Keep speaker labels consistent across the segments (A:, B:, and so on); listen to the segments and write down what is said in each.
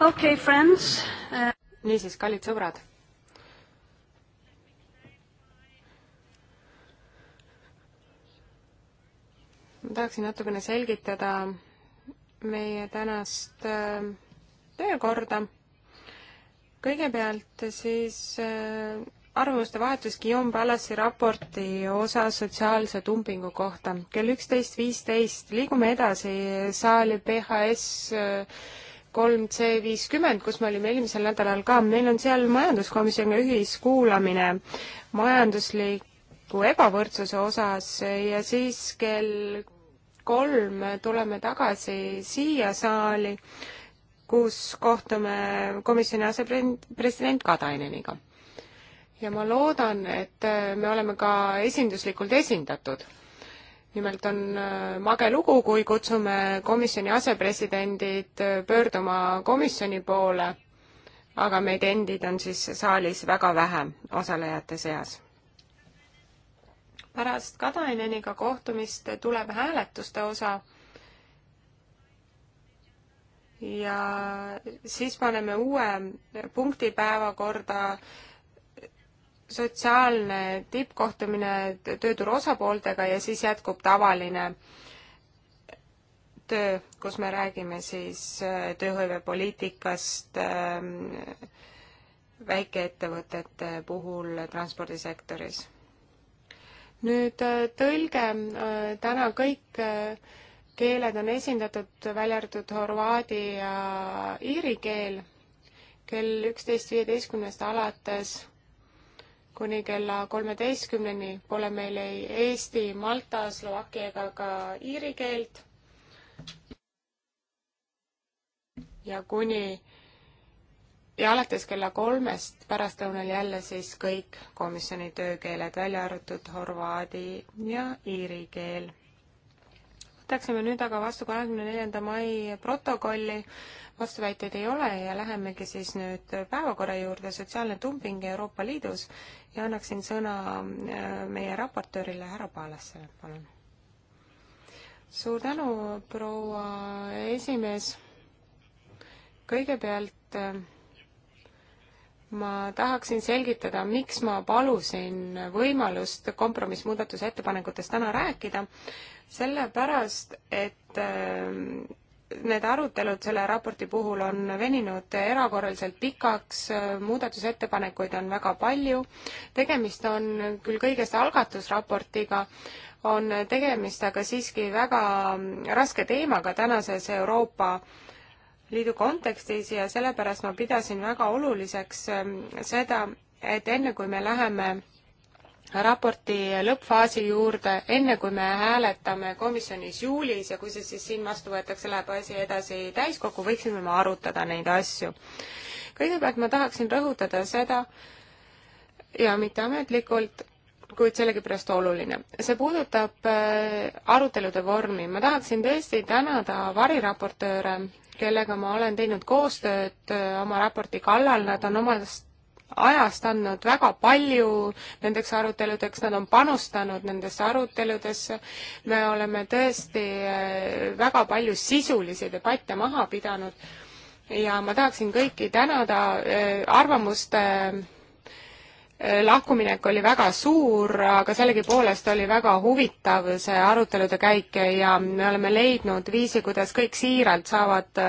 A: okay, friends. Uh, niisiis, kallid sõbrad.
B: ma tahaksin natukene selgitada meie tänast äh, töökorda. kõigepealt siis äh, arvamuste vahetus Guillaume Pallasi raporti osas sotsiaalse dumpingu kohta. kell üksteist viisteist liigume edasi saali PHS äh, kolm C viiskümmend, kus me olime eelmisel nädalal ka, meil on seal majanduskomisjoni ühiskuulamine majandusliku ebavõrdsuse osas ja siis kell kolm tuleme tagasi siia saali, kus kohtume komisjoni asepresident Kataineniga. ja ma loodan, et me oleme ka esinduslikult esindatud nimelt on äh, mage lugu, kui kutsume komisjoni asepresidendid äh, pöörduma komisjoni poole, aga meid endid on siis saalis väga vähe osalejate seas. pärast Kataineniga kohtumist tuleb hääletuste osa ja siis paneme uue punkti päevakorda sotsiaalne tippkohtumine tööturu osapooltega ja siis jätkub tavaline töö, kus me räägime siis äh, tööhõivepoliitikast ähm, väikeettevõtete puhul transpordisektoris. nüüd äh, tõlge, äh, täna kõik keeled on esindatud, välja arvatud horvaadi ja iiri keel. kell üksteist viieteistkümnest alates kuni kella kolmeteistkümneni pole meil ei eesti, malta, slovakkia ega ka iiri keelt. ja kuni ja alates kella kolmest pärastlõunal jälle siis kõik komisjoni töökeeled, välja arvatud horvaadi ja iiri keel. võtaksime nüüd aga vastu kahekümne neljanda mai protokolli vastuväiteid ei ole ja lähemegi siis nüüd päevakorra juurde, sotsiaalne dumping Euroopa Liidus ja annaksin sõna äh, meie raportöörile härra Paalassele, palun. suur tänu, proua esimees. kõigepealt äh, ma tahaksin selgitada, miks ma palusin võimalust kompromissmuudatusettepanekutest täna rääkida, sellepärast et äh, need arutelud selle raporti puhul on veninud erakorraliselt pikaks, muudatusettepanekuid on väga palju, tegemist on küll kõigest algatusraportiga, on tegemist aga siiski väga raske teemaga tänases Euroopa Liidu kontekstis ja sellepärast ma pidasin väga oluliseks ähm, seda, et enne kui me läheme raporti lõppfaasi juurde, enne kui me hääletame komisjonis juulis ja kui see siis siin vastu võetakse, läheb asi edasi täiskokku, võiksime me arutada neid asju. kõigepealt ma tahaksin rõhutada seda ja mitte ametlikult, kuid sellegipärast oluline. see puudutab äh, arutelude vormi. ma tahaksin tõesti tänada variraportööre, kellega ma olen teinud koostööd äh, oma raporti kallal, nad on omast ajast andnud väga palju nendeks aruteludeks, nad on panustanud nendesse aruteludesse, me oleme tõesti äh, väga palju sisulisi debatte maha pidanud ja ma tahaksin kõiki tänada, äh, arvamuste äh, lahkuminek oli väga suur, aga sellegipoolest oli väga huvitav see arutelude käik ja me oleme leidnud viisi, kuidas kõik siiralt saavad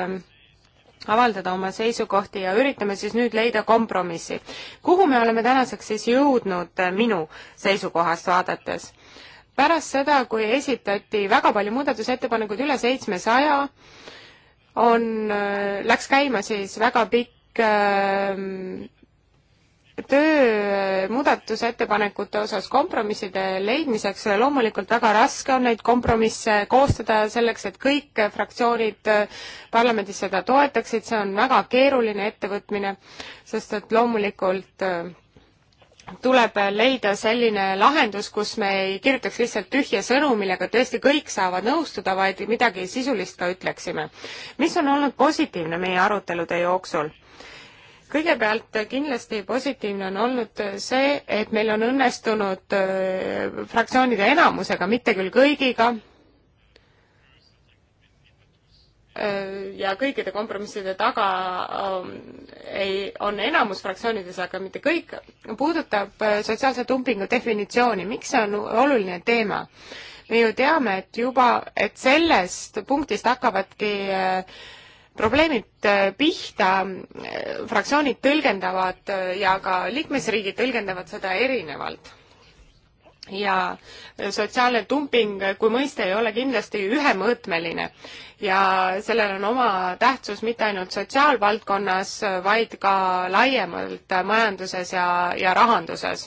B: avaldada oma seisukohti ja üritame siis nüüd leida kompromissi. kuhu me oleme tänaseks siis jõudnud äh, minu seisukohast vaadates? pärast seda, kui esitati väga palju muudatusettepanekuid, üle seitsmesaja, on, äh, läks käima siis väga pikk äh, töö muudatusettepanekute osas kompromisside leidmiseks loomulikult väga raske on neid kompromisse koostada selleks, et kõik fraktsioonid parlamendis seda toetaksid, see on väga keeruline ettevõtmine, sest et loomulikult äh, tuleb leida selline lahendus, kus me ei kirjutaks lihtsalt tühja sõnu, millega tõesti kõik saavad nõustuda, vaid midagi sisulist ka ütleksime. mis on olnud positiivne meie arutelude jooksul? kõigepealt kindlasti positiivne on olnud see, et meil on õnnestunud äh, fraktsioonide enamusega, mitte küll kõigiga, äh, ja kõikide kompromisside taga ähm, ei, on enamus fraktsioonides, aga mitte kõik, puudutab äh, sotsiaalse dumpingu definitsiooni. miks see on oluline teema? me ju teame, et juba, et sellest punktist hakkavadki äh, probleemid äh, pihta, äh, fraktsioonid tõlgendavad äh, ja ka liikmesriigid tõlgendavad seda erinevalt. ja sotsiaalne dumping kui mõiste ei ole kindlasti ühemõõtmeline ja sellel on oma tähtsus mitte ainult sotsiaalvaldkonnas, vaid ka laiemalt majanduses ja, ja rahanduses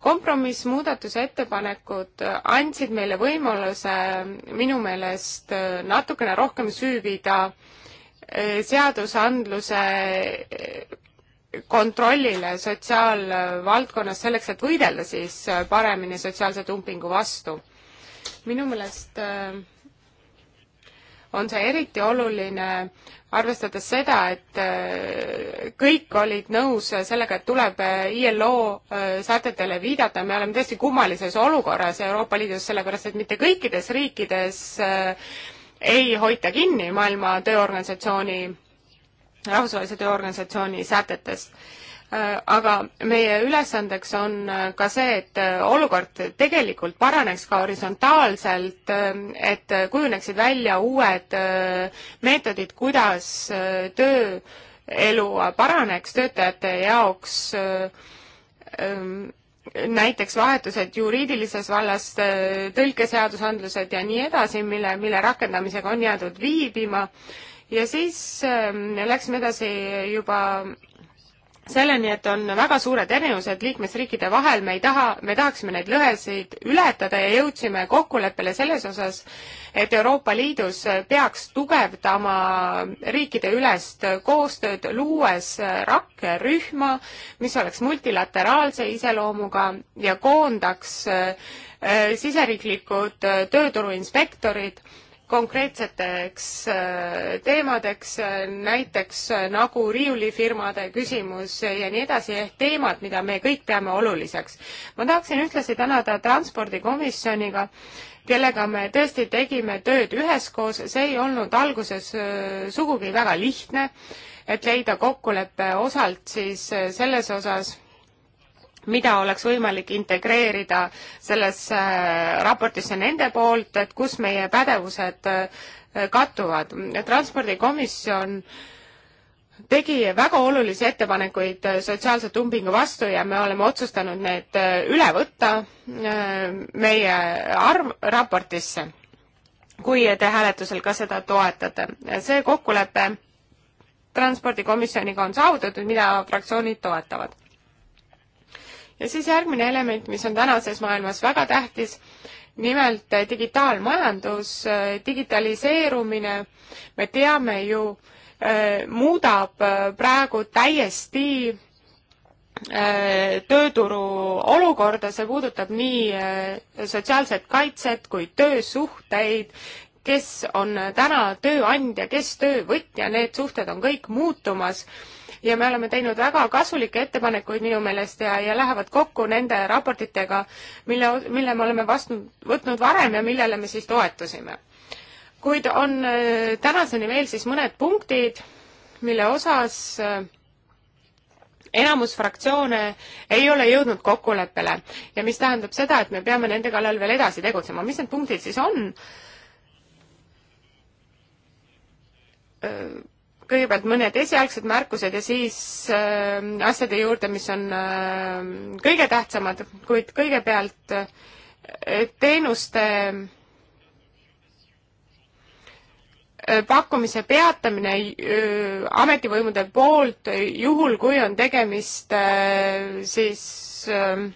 B: kompromissmuudatuse ettepanekud andsid meile võimaluse minu meelest natukene rohkem süüvida äh, seadusandluse kontrollile sotsiaalvaldkonnas selleks, et võidelda siis paremini sotsiaalse dumpingu vastu. minu meelest äh, on see eriti oluline, arvestades seda, et äh, kõik olid nõus sellega, et tuleb äh, ILO sätetele viidata, me oleme tõesti kummalises olukorras Euroopa Liidus, sellepärast et mitte kõikides riikides äh, ei hoita kinni Maailma Tööorganisatsiooni, Rahvusvahelise Tööorganisatsiooni sätetest. Äh, aga meie ülesandeks on äh, ka see, et äh, olukord tegelikult paraneks ka horisontaalselt, et kujuneksid välja uued meetodid, kuidas tööelu paraneks töötajate jaoks ähm, näiteks vahetused juriidilises vallas, äh, tõlkeseadusandlused ja nii edasi, mille, mille rakendamisega on jäädud viibima ja siis ähm, läksime edasi juba selleni, et on väga suured erinevused liikmesriikide vahel, me ei taha, me tahaksime neid lõhesid ületada ja jõudsime kokkuleppele selles osas, et Euroopa Liidus peaks tugevdama riikideülest koostööd, luues rakkerühma, mis oleks multilateraalse iseloomuga ja koondaks äh, siseriiklikud tööturuinspektorid konkreetseteks äh, teemadeks, äh, näiteks äh, nagu riiulifirmade küsimus ja nii edasi, ehk teemad, mida me kõik peame oluliseks. ma tahaksin ühtlasi tänada Transpordikomisjoniga, kellega me tõesti tegime tööd üheskoos, see ei olnud alguses sugugi väga lihtne, et leida kokkulepe osalt siis selles osas, mida oleks võimalik integreerida sellesse äh, raportisse nende poolt, et kus meie pädevused äh, kattuvad. transpordikomisjon tegi väga olulisi ettepanekuid äh, sotsiaalse dumpingu vastu ja me oleme otsustanud need üle võtta meie arv, raportisse, kui te hääletusel ka seda toetate. see kokkulepe transpordikomisjoniga on saavutatud, mida fraktsioonid toetavad ja siis järgmine element, mis on tänases maailmas väga tähtis, nimelt eh, digitaalmajandus, eh, digitaliseerumine, me teame ju, eh, muudab praegu täiesti tööturu olukorda, see puudutab nii sotsiaalset kaitset kui töösuhteid, kes on täna tööandja, kes töövõtja, need suhted on kõik muutumas ja me oleme teinud väga kasulikke ettepanekuid minu meelest ja, ja lähevad kokku nende raportitega, mille, mille me oleme vastu võtnud varem ja millele me siis toetusime. kuid on äh, tänaseni veel siis mõned punktid, mille osas äh, enamus fraktsioone ei ole jõudnud kokkuleppele ja mis tähendab seda, et me peame nende kallal veel edasi tegutsema. mis need punktid siis on? Äh, kõigepealt mõned esialgsed märkused ja siis äh, asjade juurde, mis on äh, kõige tähtsamad, kuid kõigepealt äh, teenuste äh, pakkumise peatamine äh, ametivõimude poolt, juhul kui on tegemist äh, siis öö,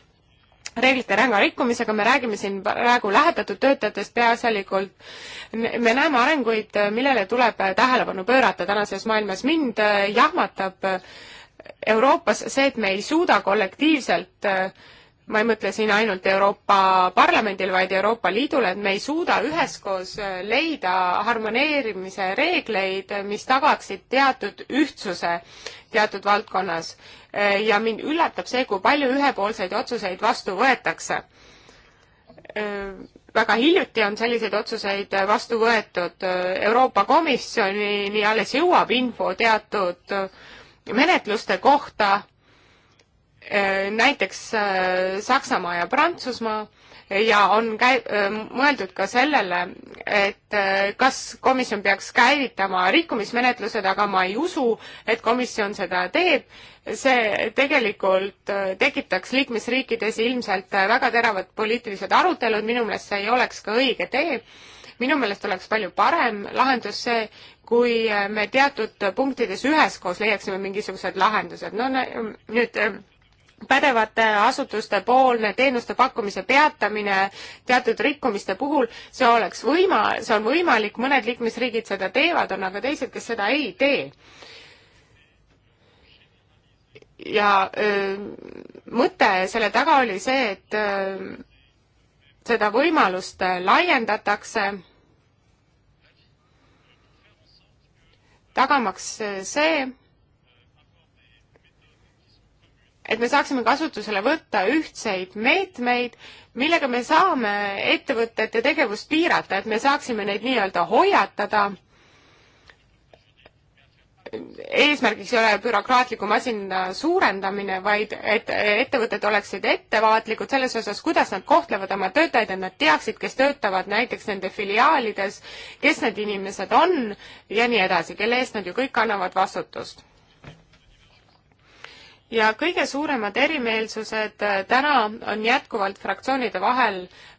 B: reeglite ränga rikkumisega, me räägime siin praegu lähetatud töötajatest peaasjalikult. me näeme arenguid, millele tuleb tähelepanu pöörata tänases maailmas. mind eh, jahmatab eh, Euroopas see, et me ei suuda kollektiivselt äh, ma ei mõtle siin ainult Euroopa Parlamendil, vaid Euroopa Liidul, et me ei suuda üheskoos äh, leida harmoneerimise reegleid, mis tagaksid teatud ühtsuse teatud valdkonnas. Äh, ja mind üllatab see, kui palju ühepoolseid otsuseid vastu võetakse. Äh, väga hiljuti on selliseid otsuseid vastu võetud, Euroopa Komisjonini alles jõuab info teatud menetluste kohta Äh, näiteks äh, Saksamaa ja Prantsusmaa ja on käi-, äh, mõeldud ka sellele, et kas komisjon peaks käivitama rikkumismenetlused, aga ma ei usu, et komisjon seda teeb. see tegelikult tekitaks liikmesriikides ilmselt väga teravad poliitilised arutelud, minu meelest see ei oleks ka õige tee. minu meelest oleks palju parem lahendus see, kui me teatud punktides üheskoos leiaksime mingisugused lahendused. no nüüd pädevate asutuste poolne teenuste pakkumise peatamine teatud rikkumiste puhul, see oleks võima-, see on võimalik, mõned liikmesriigid seda teevad, on aga teised, kes seda ei tee. ja öö, mõte selle taga oli see, et öö, seda võimalust laiendatakse, tagamaks see, et me saaksime kasutusele võtta ühtseid meetmeid, millega me saame ettevõtete tegevust piirata, et me saaksime neid nii-öelda hoiatada. eesmärgiks ei ole bürokraatliku masina suurendamine, vaid et ettevõtted oleksid ettevaatlikud selles osas, kuidas nad kohtlevad oma töötajaid, et nad teaksid, kes töötavad näiteks nende filiaalides, kes need inimesed on ja nii edasi, kelle eest nad ju kõik annavad vastutust ja kõige suuremad erimeelsused äh, täna on jätkuvalt fraktsioonide vahel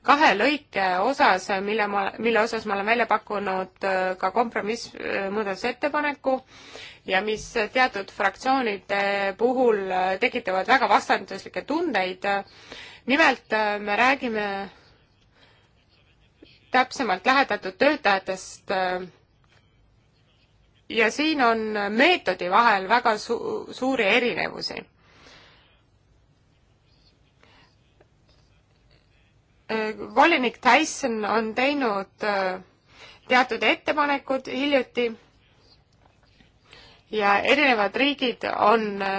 B: kahe lõike osas, äh, mille ma, mille osas ma olen välja pakkunud äh, ka kompromiss muudatusettepaneku ja mis teatud fraktsioonide puhul tekitavad väga vastanduslikke tundeid. nimelt me räägime täpsemalt lähetatud töötajatest ja siin on meetodi vahel väga su-, suuri erinevusi. volinik Tyson on teinud äh, teatud ettepanekud hiljuti ja erinevad riigid on äh,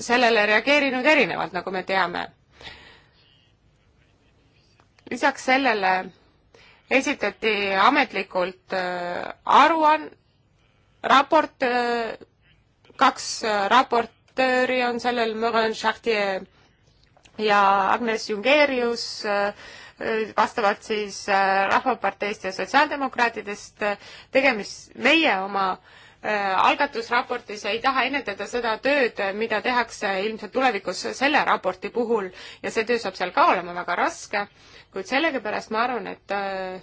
B: sellele reageerinud erinevalt, nagu me teame. lisaks sellele esitati ametlikult äh, aruan-, raport, kaks raportööri on sellel, Morin Chartier ja Agnes Jungerius, vastavalt siis äh, Rahvaparteist ja Sotsiaaldemokraatidest tegemist meie oma äh, algatusraportis ei taha ennetada seda tööd, mida tehakse ilmselt tulevikus selle raporti puhul ja see töö saab seal ka olema väga raske, kuid sellegipärast ma arvan, et äh,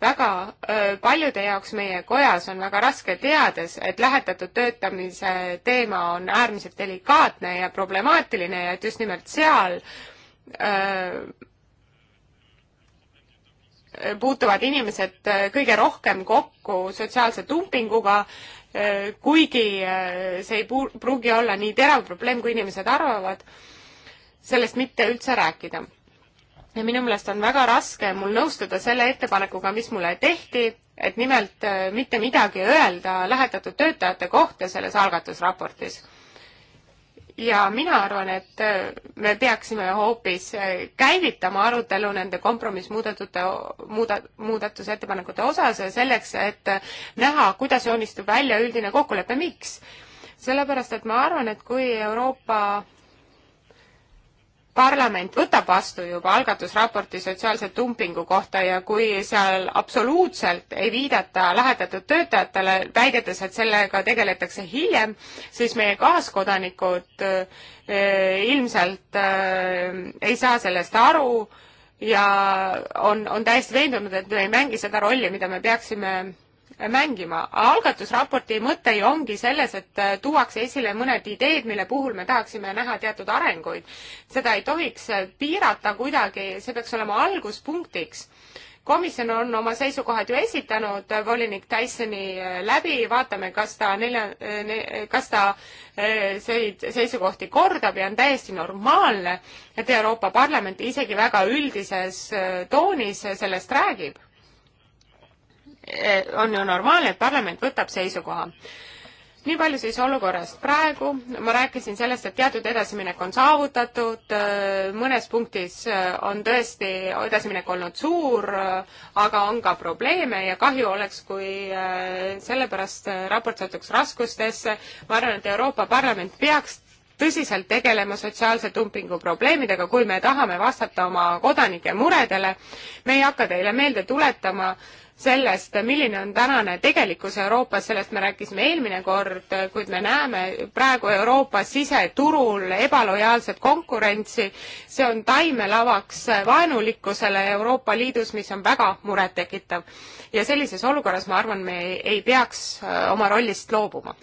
B: väga paljude jaoks meie kojas on väga raske, teades, et lähetatud töötamise teema on äärmiselt delikaatne ja problemaatiline ja et just nimelt seal öö, puutuvad inimesed kõige rohkem kokku sotsiaalse dumpinguga, kuigi see ei pruugi olla nii terav probleem, kui inimesed arvavad, sellest mitte üldse rääkida ja minu meelest on väga raske mul nõustuda selle ettepanekuga, mis mulle tehti, et nimelt äh, mitte midagi öelda lähetatud töötajate kohta selles algatusraportis. ja mina arvan, et äh, me peaksime hoopis äh, käivitama arutelu nende kompromissmuudatute, muuda-, muudatusettepanekute osas selleks, et näha, kuidas joonistub välja üldine kokkulepe, miks. sellepärast, et ma arvan, et kui Euroopa parlament võtab vastu juba algatusraporti sotsiaalse dumpingu kohta ja kui seal absoluutselt ei viidata lähetatud töötajatele, väidetes, et sellega tegeletakse hiljem, siis meie kaaskodanikud eh, ilmselt eh, ei saa sellest aru ja on, on täiesti veendunud, et me ei mängi seda rolli, mida me peaksime mängima. algatusraporti mõte ju ongi selles, et äh, tuuakse esile mõned ideed, mille puhul me tahaksime näha teatud arenguid. seda ei tohiks äh, piirata kuidagi, see peaks olema alguspunktiks komisjon on oma seisukohad ju esitanud äh, volinik Tysoni läbi, vaatame, kas ta nelja, kas ta neid seisukohti kordab ja on täiesti normaalne, et Euroopa Parlament isegi väga üldises toonis sellest räägib. Eh, on ju normaalne, et parlament võtab seisukoha nii palju siis olukorrast praegu, ma rääkisin sellest, et teatud edasiminek on saavutatud, eh, mõnes punktis eh, on tõesti edasiminek olnud suur, aga on ka probleeme ja kahju oleks, kui sellepärast raport satuks raskustesse. ma arvan, et Euroopa Parlament peaks tõsiselt tegelema sotsiaalse dumpingu probleemidega, kui me tahame vastata oma kodanike muredele. me ei hakka teile meelde tuletama äh, sellest, milline on tänane tegelikkus Euroopas, sellest me rääkisime eelmine kord, kuid me näeme praegu Euroopas siseturul ebalojaalset konkurentsi. see on taimelavaks vaenulikkusele Euroopa Liidus, mis on väga murettekitav. ja sellises olukorras, ma arvan, me ei, ei peaks äh, oma rollist loobuma.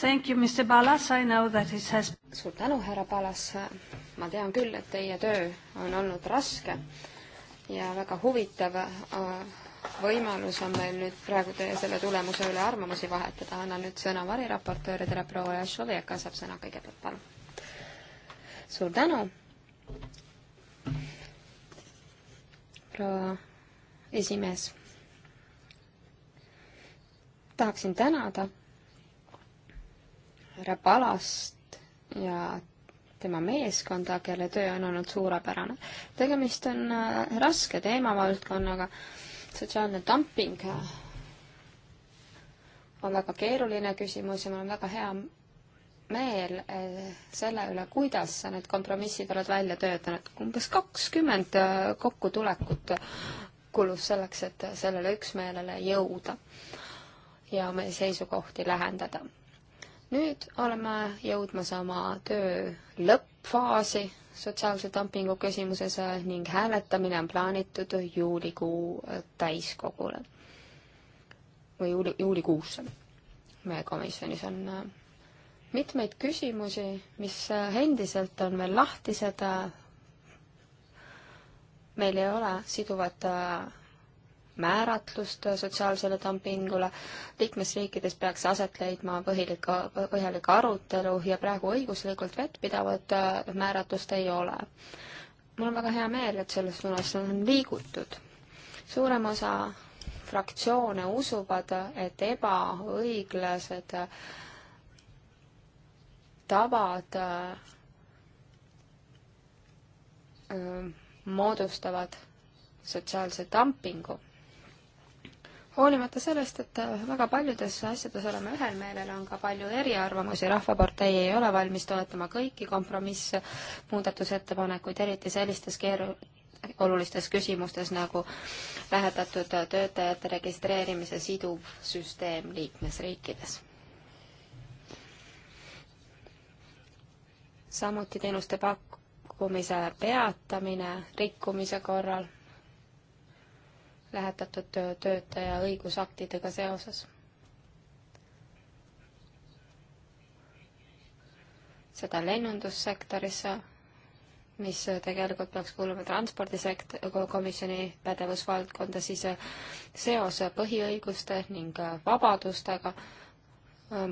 A: Thank you, Mr Palas, I know that it has
C: suur tänu, härra Palas, ma tean küll, et teie töö on olnud raske ja väga huvitav äh, võimalus on meil nüüd praegu teie selle tulemuse üle arvamusi vahetada. annan nüüd sõna variraportööridele, proua Jašovi, kes saab sõna kõigepealt, palun. suur tänu. proua esimees. tahaksin tänada härra Palast ja tema meeskonda, kelle töö on olnud suurepärane. tegemist on äh, raske teemavaldkonnaga, sotsiaalne dumping äh, on väga keeruline küsimus ja mul on väga hea meel äh, selle üle, kuidas sa need kompromissid oled välja töötanud. umbes kakskümmend kokkutulekut kulus selleks, et sellele üksmeelele jõuda ja meie seisukohti lähendada nüüd oleme jõudmas oma töö lõppfaasi sotsiaalse dumpingu küsimuses äh, ning hääletamine on plaanitud juulikuu äh, täiskogule või juuli, juulikuusse. meie komisjonis on äh, mitmeid küsimusi, mis endiselt on veel lahtised. meil ei ole siduvat määratlust sotsiaalsele dumpingule. liikmesriikides peaks aset leidma põhilik, põhjalik arutelu ja praegu õiguslikult vettpidavat äh, määratlust ei ole. mul on väga hea meel, et selles suunas on liigutud. suurem osa fraktsioone usuvad, et ebaõiglased äh, tavad öö, äh, moodustavad sotsiaalse dumpingu hoolimata sellest, et väga paljudes asjades oleme ühel meelel, on ka palju eriarvamusi, Rahvapartei ei ole valmis toetama kõiki kompromisse, muudatusettepanekuid, eriti sellistes keeru-, olulistes küsimustes nagu lähetatud töötajate registreerimise siduv süsteem liikmesriikides. samuti teenuste pakkumise peatamine rikkumise korral lähetatud töötaja õigusaktidega seoses. seda lennundussektorisse, mis tegelikult peaks kuuluma transpordisekt-, komisjoni pädevusvaldkonda, siis seos põhiõiguste ning vabadustega,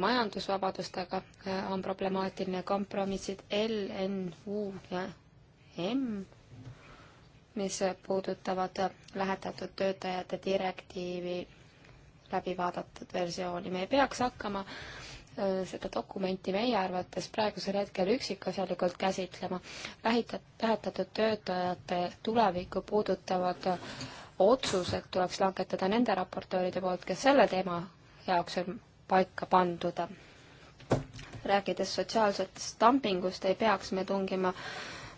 C: majandusvabadustega on problemaatiline, kompromissid L, N, U ja M mis puudutavad lähetatud töötajate direktiivi läbi vaadatud versiooni. me ei peaks hakkama äh, seda dokumenti meie arvates praegusel hetkel üksikasjalikult käsitlema. lähetatud töötajate tulevikku puudutavad otsused tuleks langetada nende raportööride poolt, kes selle teema jaoks on paika pandud. rääkides sotsiaalsetest dumpingust, ei peaks me tungima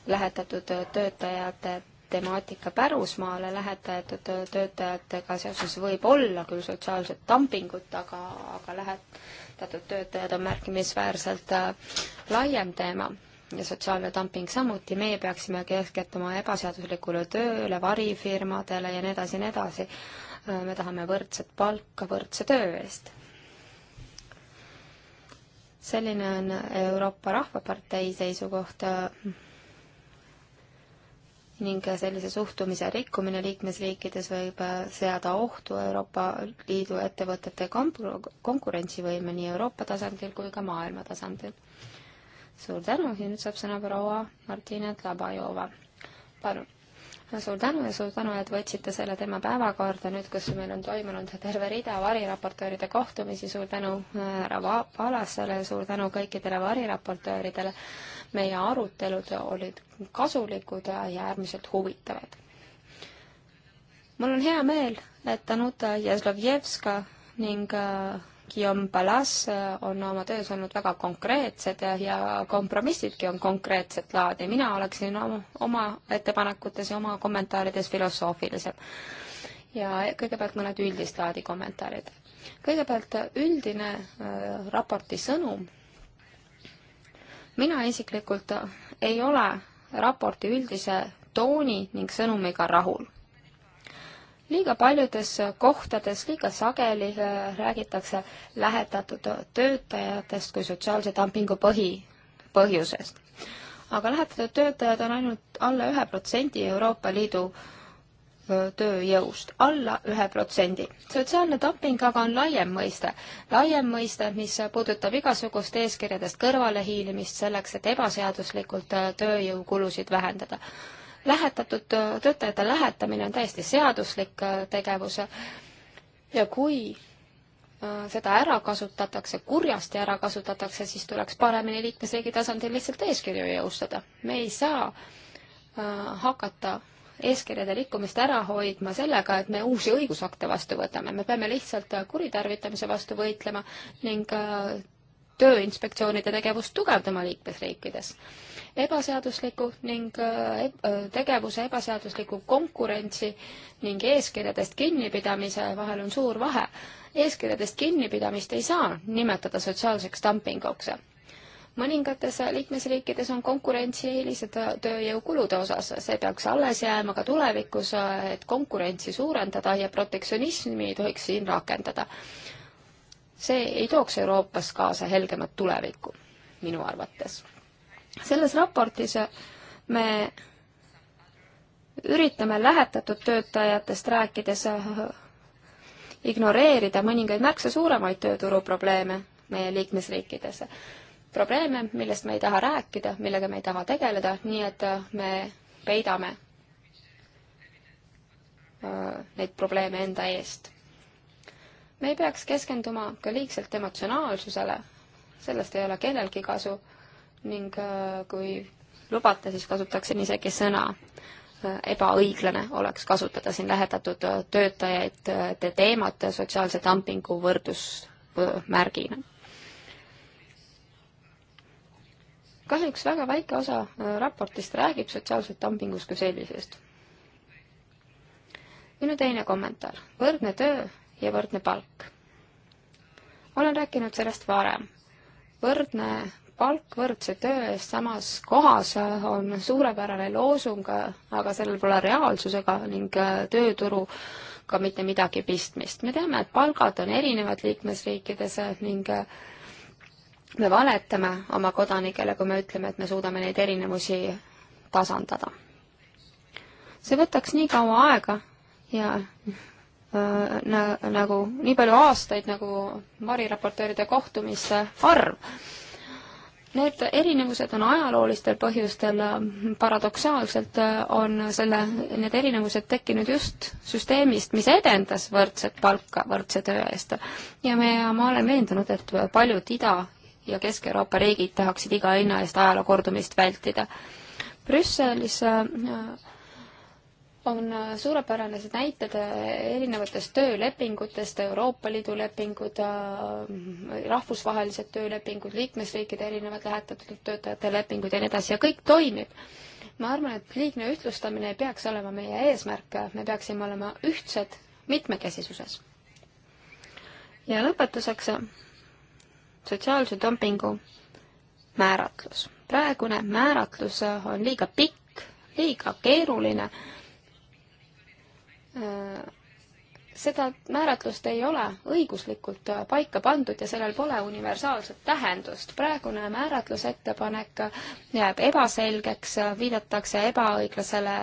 C: lähetatud töötajate temaatika pärusmaale lähetatud töötajatega seoses võib olla küll sotsiaalset dumpingut, aga, aga lähetatud töötajad on märkimisväärselt äh, laiem teema ja sotsiaalne dumping samuti, meie peaksime keskenduma ebaseaduslikule tööle, varifirmadele ja nii edasi ja nii edasi. Äh, me tahame võrdset palka võrdse töö eest. selline on Euroopa Rahvapartei seisukoht äh, ning sellise suhtumise rikkumine liikmesriikides võib äh, seada ohtu Euroopa Liidu ettevõtete konkurentsivõime nii Euroopa tasandil kui ka maailma tasandil. suur tänu ja nüüd saab sõna proua Martina Tlabajova. palun. suur tänu ja suur tänu, et võtsite selle tema päevakorda nüüd, kus meil on toimunud terve rida variraportööride kohtumisi, suur tänu äh, härra Palasele, suur tänu kõikidele variraportööridele meie arutelud olid kasulikud ja äärmiselt huvitavad. mul on hea meel, et Danuta Jazlovjevska ning äh, Guillaume Palas äh, on oma töös olnud väga konkreetsed ja, ja kompromissidki on konkreetset laadi. mina oleksin oma, oma ettepanekutes ja oma kommentaarides filosoofilisem. ja kõigepealt mõned üldist laadi kommentaarid. kõigepealt üldine äh, raporti sõnum mina isiklikult ei ole raporti üldise tooni ning sõnumiga rahul. liiga paljudes kohtades, liiga sageli äh, räägitakse lähetatud töötajatest kui sotsiaalse dumpingu põhi, põhjusest. aga lähetatud töötajad on ainult alla ühe protsendi Euroopa Liidu äh, tööjõust alla ühe protsendi. sotsiaalne dumping aga on laiem mõiste, laiem mõiste, mis puudutab igasugust eeskirjadest kõrvalehiilimist selleks, et ebaseaduslikult tööjõukulusid vähendada. lähetatud töötajate lähetamine on täiesti seaduslik tegevus ja kui seda ära kasutatakse, kurjasti ära kasutatakse, siis tuleks paremini liikmesriigi tasandil lihtsalt eeskirju jõustada. me ei saa hakata eeskirjade rikkumist ära hoidma sellega, et me uusi õigusakte vastu võtame, me peame lihtsalt kuritarvitamise vastu võitlema ning äh, tööinspektsioonide tegevust tugevdama liikmesriikides. ebaseadusliku ning äh, äh, tegevuse ebaseadusliku konkurentsi ning eeskirjadest kinnipidamise vahel on suur vahe. eeskirjadest kinnipidamist ei saa nimetada sotsiaalseks dumpinguks mõningates liikmesriikides on konkurentsieelised tööjõukulude osas, see peaks alles jääma ka tulevikus, et konkurentsi suurendada ja protektsionismi ei tohiks siin rakendada. see ei tooks Euroopas kaasa helgemat tulevikku, minu arvates. selles raportis me üritame lähetatud töötajatest rääkides ignoreerida mõningaid märksa suuremaid tööturuprobleeme meie liikmesriikides probleeme, millest me ei taha rääkida, millega me ei taha tegeleda, nii et äh, me peidame äh, neid probleeme enda eest. me ei peaks keskenduma ka liigselt emotsionaalsusele, sellest ei ole kellelgi kasu ning äh, kui lubate, siis kasutaksin isegi sõna ebaõiglane oleks kasutada siin lähetatud töötajaid te teemat sotsiaalse dumpingu võrdusmärgina kahjuks väga väike osa äh, raportist räägib sotsiaalsest dumpingust kui sellisest. minu teine kommentaar, võrdne töö ja võrdne palk. olen rääkinud sellest varem. võrdne palk võrdse töö eest samas kohas äh, on suurepärane loosung, äh, aga sellel pole reaalsusega ning tööturu ka mitte midagi pistmist. me teame, et palgad on erinevad liikmesriikides ning me valetame oma kodanikele, kui me ütleme, et me suudame neid erinevusi tasandada. see võtaks nii kaua aega ja äh, na-, nagu nii palju aastaid, nagu variraportööride kohtumiste arv. Need erinevused on ajaloolistel põhjustel, äh, paradoksaalselt äh, on selle, need erinevused tekkinud just süsteemist, mis edendas võrdset palka võrdse töö eest. ja me, ma olen veendunud, et paljud Ida- ja Kesk-Euroopa riigid tahaksid iga hinna eest ajaloo kordumist vältida. Brüsselis äh, on äh, suurepärane see näited äh, erinevatest töölepingutest, Euroopa Liidu lepingud, rahvusvahelised töölepingud, liikmesriikide erinevad lähetatud töötajate lepingud ja nii edasi ja kõik toimib. ma arvan, et liigne ühtlustamine ei peaks olema meie eesmärk, me peaksime olema ühtsed mitmekesisuses. ja lõpetuseks sotsiaalse dumpingu määratlus. praegune määratlus on liiga pikk, liiga keeruline äh, seda määratlust ei ole õiguslikult äh, paika pandud ja sellel pole universaalset tähendust. praegune määratlusettepanek äh, jääb ebaselgeks, äh, viidatakse ebaõiglasele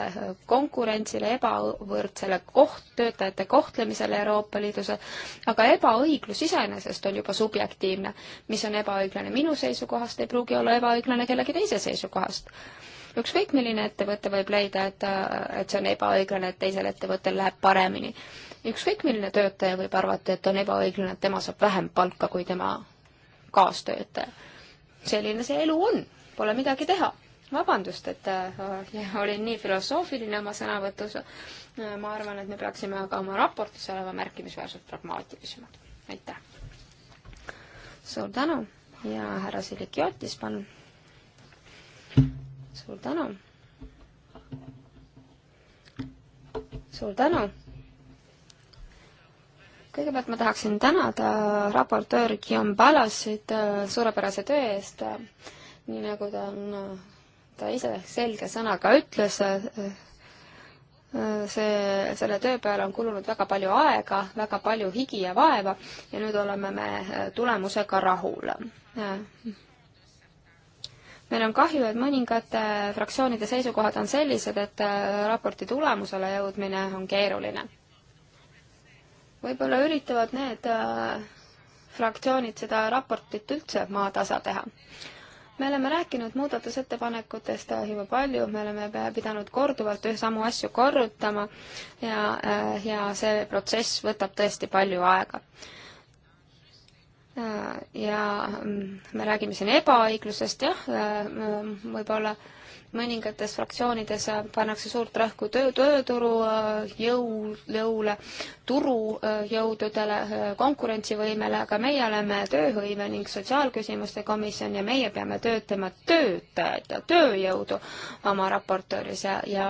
C: konkurentsile, ebavõrdsele koht, töötajate kohtlemisele Euroopa Liidus, aga ebaõiglus iseenesest on juba subjektiivne. mis on ebaõiglane minu seisukohast, ei pruugi olla ebaõiglane kellegi teise seisukohast ükskõik milline ettevõte võib leida, et, et see on ebaõiglane, et teisel ettevõttel läheb paremini ükskõik milline töötaja võib arvata, et on ebaõiglane, et tema saab vähem palka kui tema kaastöötaja. selline see elu on, pole midagi teha. vabandust, et äh, olin nii filosoofiline oma sõnavõtus. Äh, ma arvan, et me peaksime aga oma raportis olema märkimisväärselt pragmaatilisemad. aitäh! suur tänu ja härra Silikiotis, palun! suur tänu! suur tänu! kõigepealt ma tahaksin tänada raportöör Guillaume Palasit äh, suurepärase töö eest, äh, nii nagu ta on, äh, ta ise selge sõnaga ütles, see, selle töö peale on kulunud väga palju aega, väga palju higi ja vaeva ja nüüd oleme me tulemusega rahul meil on kahju, et mõningate fraktsioonide seisukohad on sellised, et raporti tulemusele jõudmine on keeruline võib-olla üritavad need äh, fraktsioonid seda raportit üldse maatasa teha. me oleme rääkinud muudatusettepanekutest juba palju, me oleme pidanud korduvalt ühe samu asju korrutama ja, äh, ja see protsess võtab tõesti palju aega ja mm, me räägime siin ebaõiglusest, jah, mm, võib-olla mõningates fraktsioonides pannakse suurt rõhku töö, tööturu äh, jõu, jõule, turujõududele, äh, äh, konkurentsivõimele, aga meie oleme tööhõive ning sotsiaalküsimuste komisjon ja meie peame töötama töötajat ja tööjõudu oma raportööris ja, ja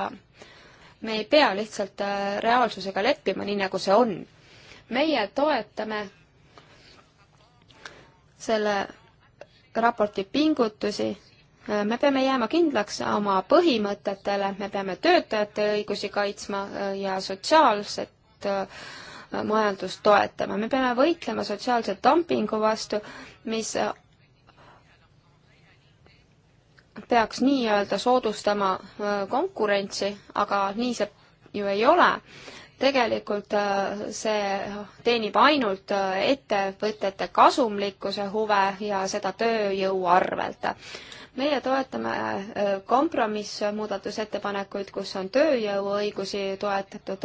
C: me ei pea lihtsalt reaalsusega leppima, nii nagu see on. meie toetame selle raporti pingutusi. me peame jääma kindlaks oma põhimõtetele, me peame töötajate õigusi kaitsma ja sotsiaalset äh, majandust toetama, me peame võitlema sotsiaalse dumpingu vastu, mis äh, peaks nii-öelda soodustama äh, konkurentsi, aga nii see ju ei ole tegelikult äh, see teenib ainult äh, ettevõtete kasumlikkuse huve ja seda tööjõu arvelt. meie toetame äh, kompromissmuudatusettepanekuid, kus on tööjõuõigusi toetatud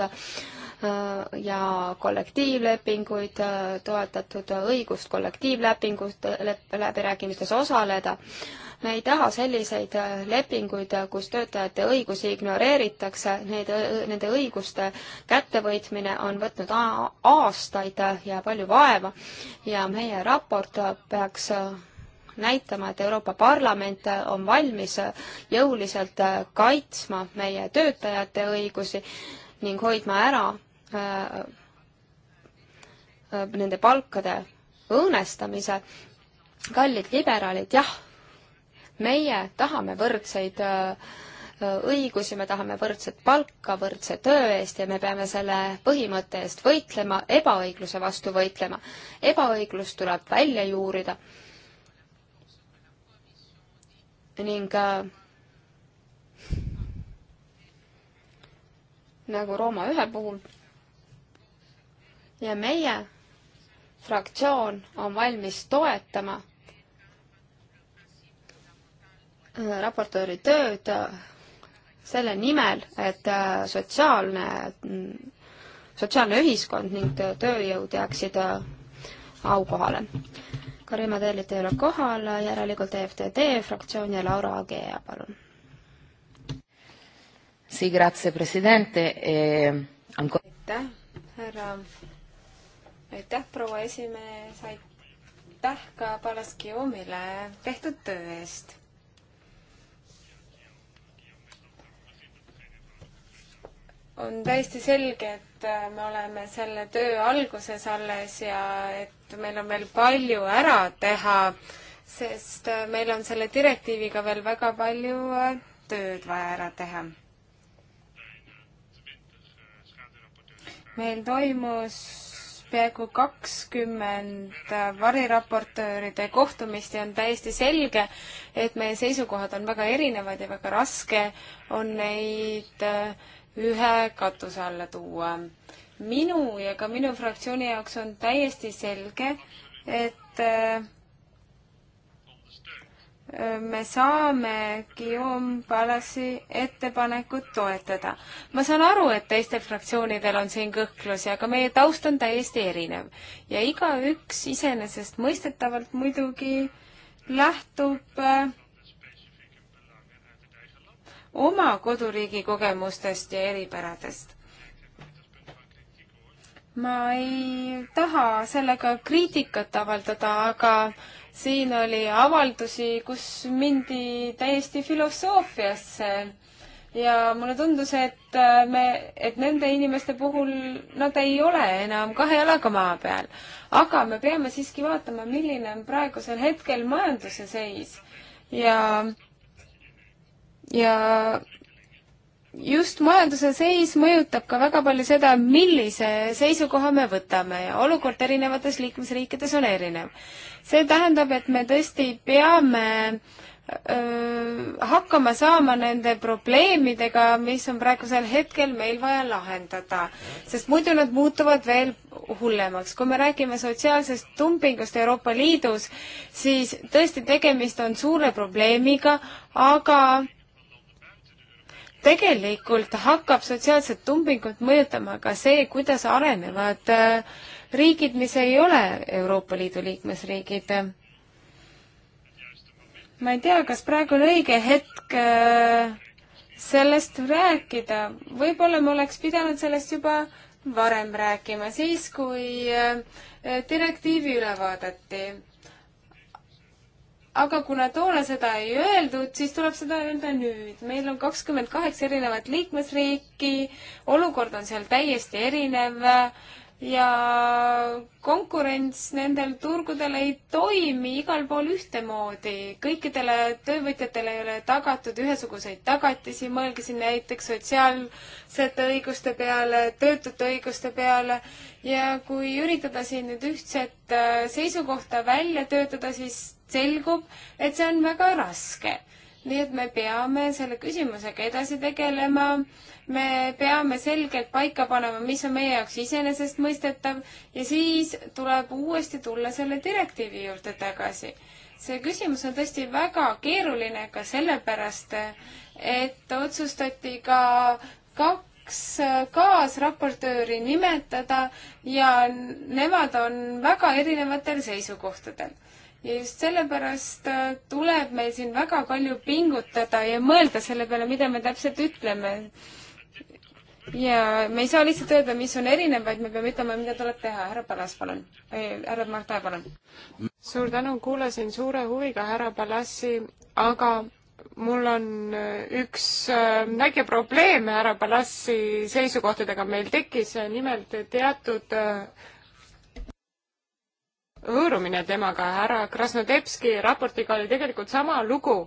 C: ja kollektiivlepinguid toetatud, õigust kollektiivlepingut läbirääkimistes osaleda läbi me ei taha selliseid äh, lepinguid, äh, kus töötajate õigusi ignoreeritakse, need, äh, nende õiguste kättevõitmine on võtnud aastaid ja palju vaeva ja meie raport peaks näitama, et Euroopa Parlament on valmis jõuliselt kaitsma meie töötajate õigusi ning hoidma ära äh, nende palkade õõnestamise. kallid liberaalid, jah meie tahame võrdseid äh, õigusi, me tahame võrdset palka võrdse töö eest ja me peame selle põhimõtte eest võitlema, ebaõigluse vastu võitlema. ebaõiglus tuleb välja juurida. ning äh, nagu Rooma ühe puhul. ja meie fraktsioon on valmis toetama raportööri tööd äh, selle nimel, et äh, sotsiaalne, sotsiaalne ühiskond ning äh, tööjõud jääksid aukohale. Karima Tellit ei ole kohal, järelikult EFTD fraktsioon ja Laura Agea, palun. E,
A: aitäh, härra, aitäh, proua esimees, aitäh ka Palaskiumile tehtud töö eest on täiesti selge, et äh, me oleme selle töö alguses alles ja et meil on veel palju ära teha, sest äh, meil on selle direktiiviga veel väga palju äh, tööd vaja ära teha. meil toimus peaaegu kakskümmend variraportööride kohtumist ja on täiesti selge, et meie seisukohad on väga erinevad ja väga raske on neid äh, ühe katuse alla tuua. minu ja ka minu fraktsiooni jaoks on täiesti selge, et äh, me saame Guillaume Palasi ettepanekut toetada. ma saan aru, et teistel fraktsioonidel on siin kõhklusi, aga meie taust on täiesti erinev ja igaüks iseenesestmõistetavalt muidugi lähtub äh, oma koduriigi kogemustest ja eripäradest. ma ei taha sellega kriitikat avaldada, aga siin oli avaldusi, kus mindi täiesti filosoofiasse ja mulle tundus, et äh, me, et nende inimeste puhul nad ei ole enam kahe jalaga maa peal. aga me peame siiski vaatama, milline on praegusel hetkel majanduse seis ja ja just majanduse seis mõjutab ka väga palju seda, millise seisukoha me võtame ja olukord erinevates liikmesriikides on erinev. see tähendab, et me tõesti peame öö, hakkama saama nende probleemidega, mis on praegusel hetkel meil vaja lahendada, sest muidu nad muutuvad veel hullemaks. kui me räägime sotsiaalsest dumpingust Euroopa Liidus, siis tõesti tegemist on suure probleemiga, aga tegelikult hakkab sotsiaalset dumpingut mõjutama ka see, kuidas arenevad äh, riigid, mis ei ole Euroopa Liidu liikmesriigid. ma ei tea, kas praegu on õige hetk äh, sellest rääkida, võib-olla ma oleks pidanud sellest juba varem rääkima, siis kui äh, direktiivi üle vaadati aga kuna toona seda ei öeldud, siis tuleb seda öelda nüüd. meil on kakskümmend kaheksa erinevat liikmesriiki, olukord on seal täiesti erinev ja konkurents nendel turgudel ei toimi igal pool ühtemoodi. kõikidele töövõtjatele ei ole tagatud ühesuguseid tagatisi, mõelge siin näiteks sotsiaalsete õiguste peale, töötute õiguste peale ja kui üritada siin nüüd ühtset äh, seisukohta välja töötada, siis selgub, et see on väga raske. nii et me peame selle küsimusega edasi tegelema, me peame selgelt paika panema, mis on meie jaoks iseenesestmõistetav ja siis tuleb uuesti tulla selle direktiivi juurde tagasi see küsimus on tõesti väga keeruline ka sellepärast, et otsustati ka kaks kaks äh, kaasraportööri nimetada ja nemad on väga erinevatel seisukohtadel. ja just sellepärast äh, tuleb meil siin väga palju pingutada ja mõelda selle peale, mida me täpselt ütleme. ja me ei saa lihtsalt öelda, mis on erinev, vaid me peame ütlema, mida tuleb teha. härra Palas, palun. härra Mart Ae, palun. suur tänu, kuulasin suure huviga härra Palasi, aga mul
B: on äh, üks äh, väike probleem härra Palassi seisukohtadega meil tekkis, äh, nimelt teatud hõõrumine temaga, härra Krasnodebski raportiga oli tegelikult sama lugu.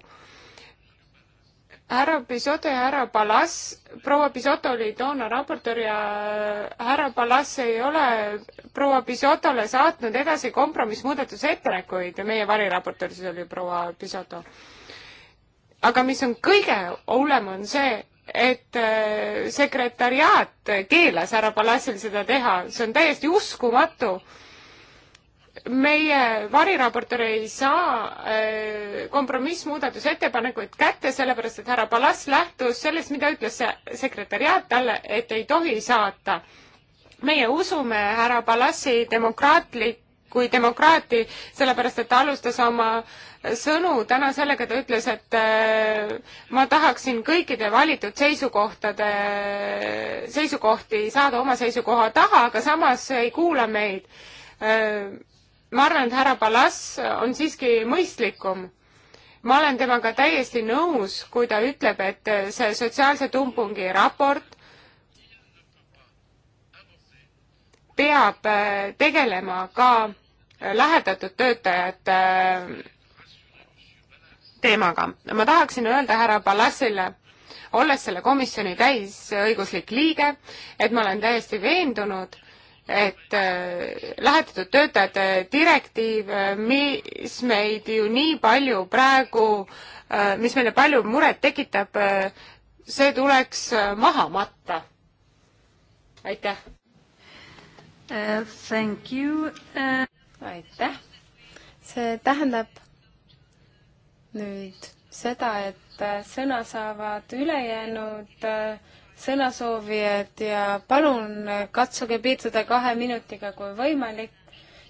B: härra Pisoto ja härra Palass, proua Pisoto oli toona raportöör ja härra Palass ei ole proua Pisotole saatnud edasi kompromissmuudatuse ettepanekuid, meie variraportöör siis oli proua Pisoto aga mis on kõige hullem, on see, et äh, sekretäriaat keelas härra Palassil seda teha, see on täiesti uskumatu. meie variraportöör ei saa äh, kompromissmuudatusettepanekuid kätte, sellepärast et härra Palass lähtus sellest, mida ütles see sekretäriaat talle, et ei tohi saata meie usume härra Palassi demokraatlik kui demokraati, sellepärast et ta alustas oma sõnu täna sellega, ta ütles, et äh, ma tahaksin kõikide valitud seisukohtade, seisukohti saada oma seisukoha taha, aga samas ei kuula meid. Äh, ma arvan, et härra Palas on siiski mõistlikum ma olen temaga täiesti nõus, kui ta ütleb, et see sotsiaalse tumpungi raport peab äh, tegelema ka äh, lähedatud töötajate äh, teemaga. ma tahaksin öelda härra Palassile, olles selle komisjoni täisõiguslik liige, et ma olen täiesti veendunud, et lähetatud töötajate direktiiv, mis meid ju nii palju praegu, mis meile palju muret tekitab, see tuleks maha matta.
A: aitäh! Uh, thank you. Uh, aitäh. see tähendab nüüd seda, et äh, sõna saavad ülejäänud äh, sõnasoovijad ja palun äh, katsuge piirduda kahe minutiga, kui võimalik.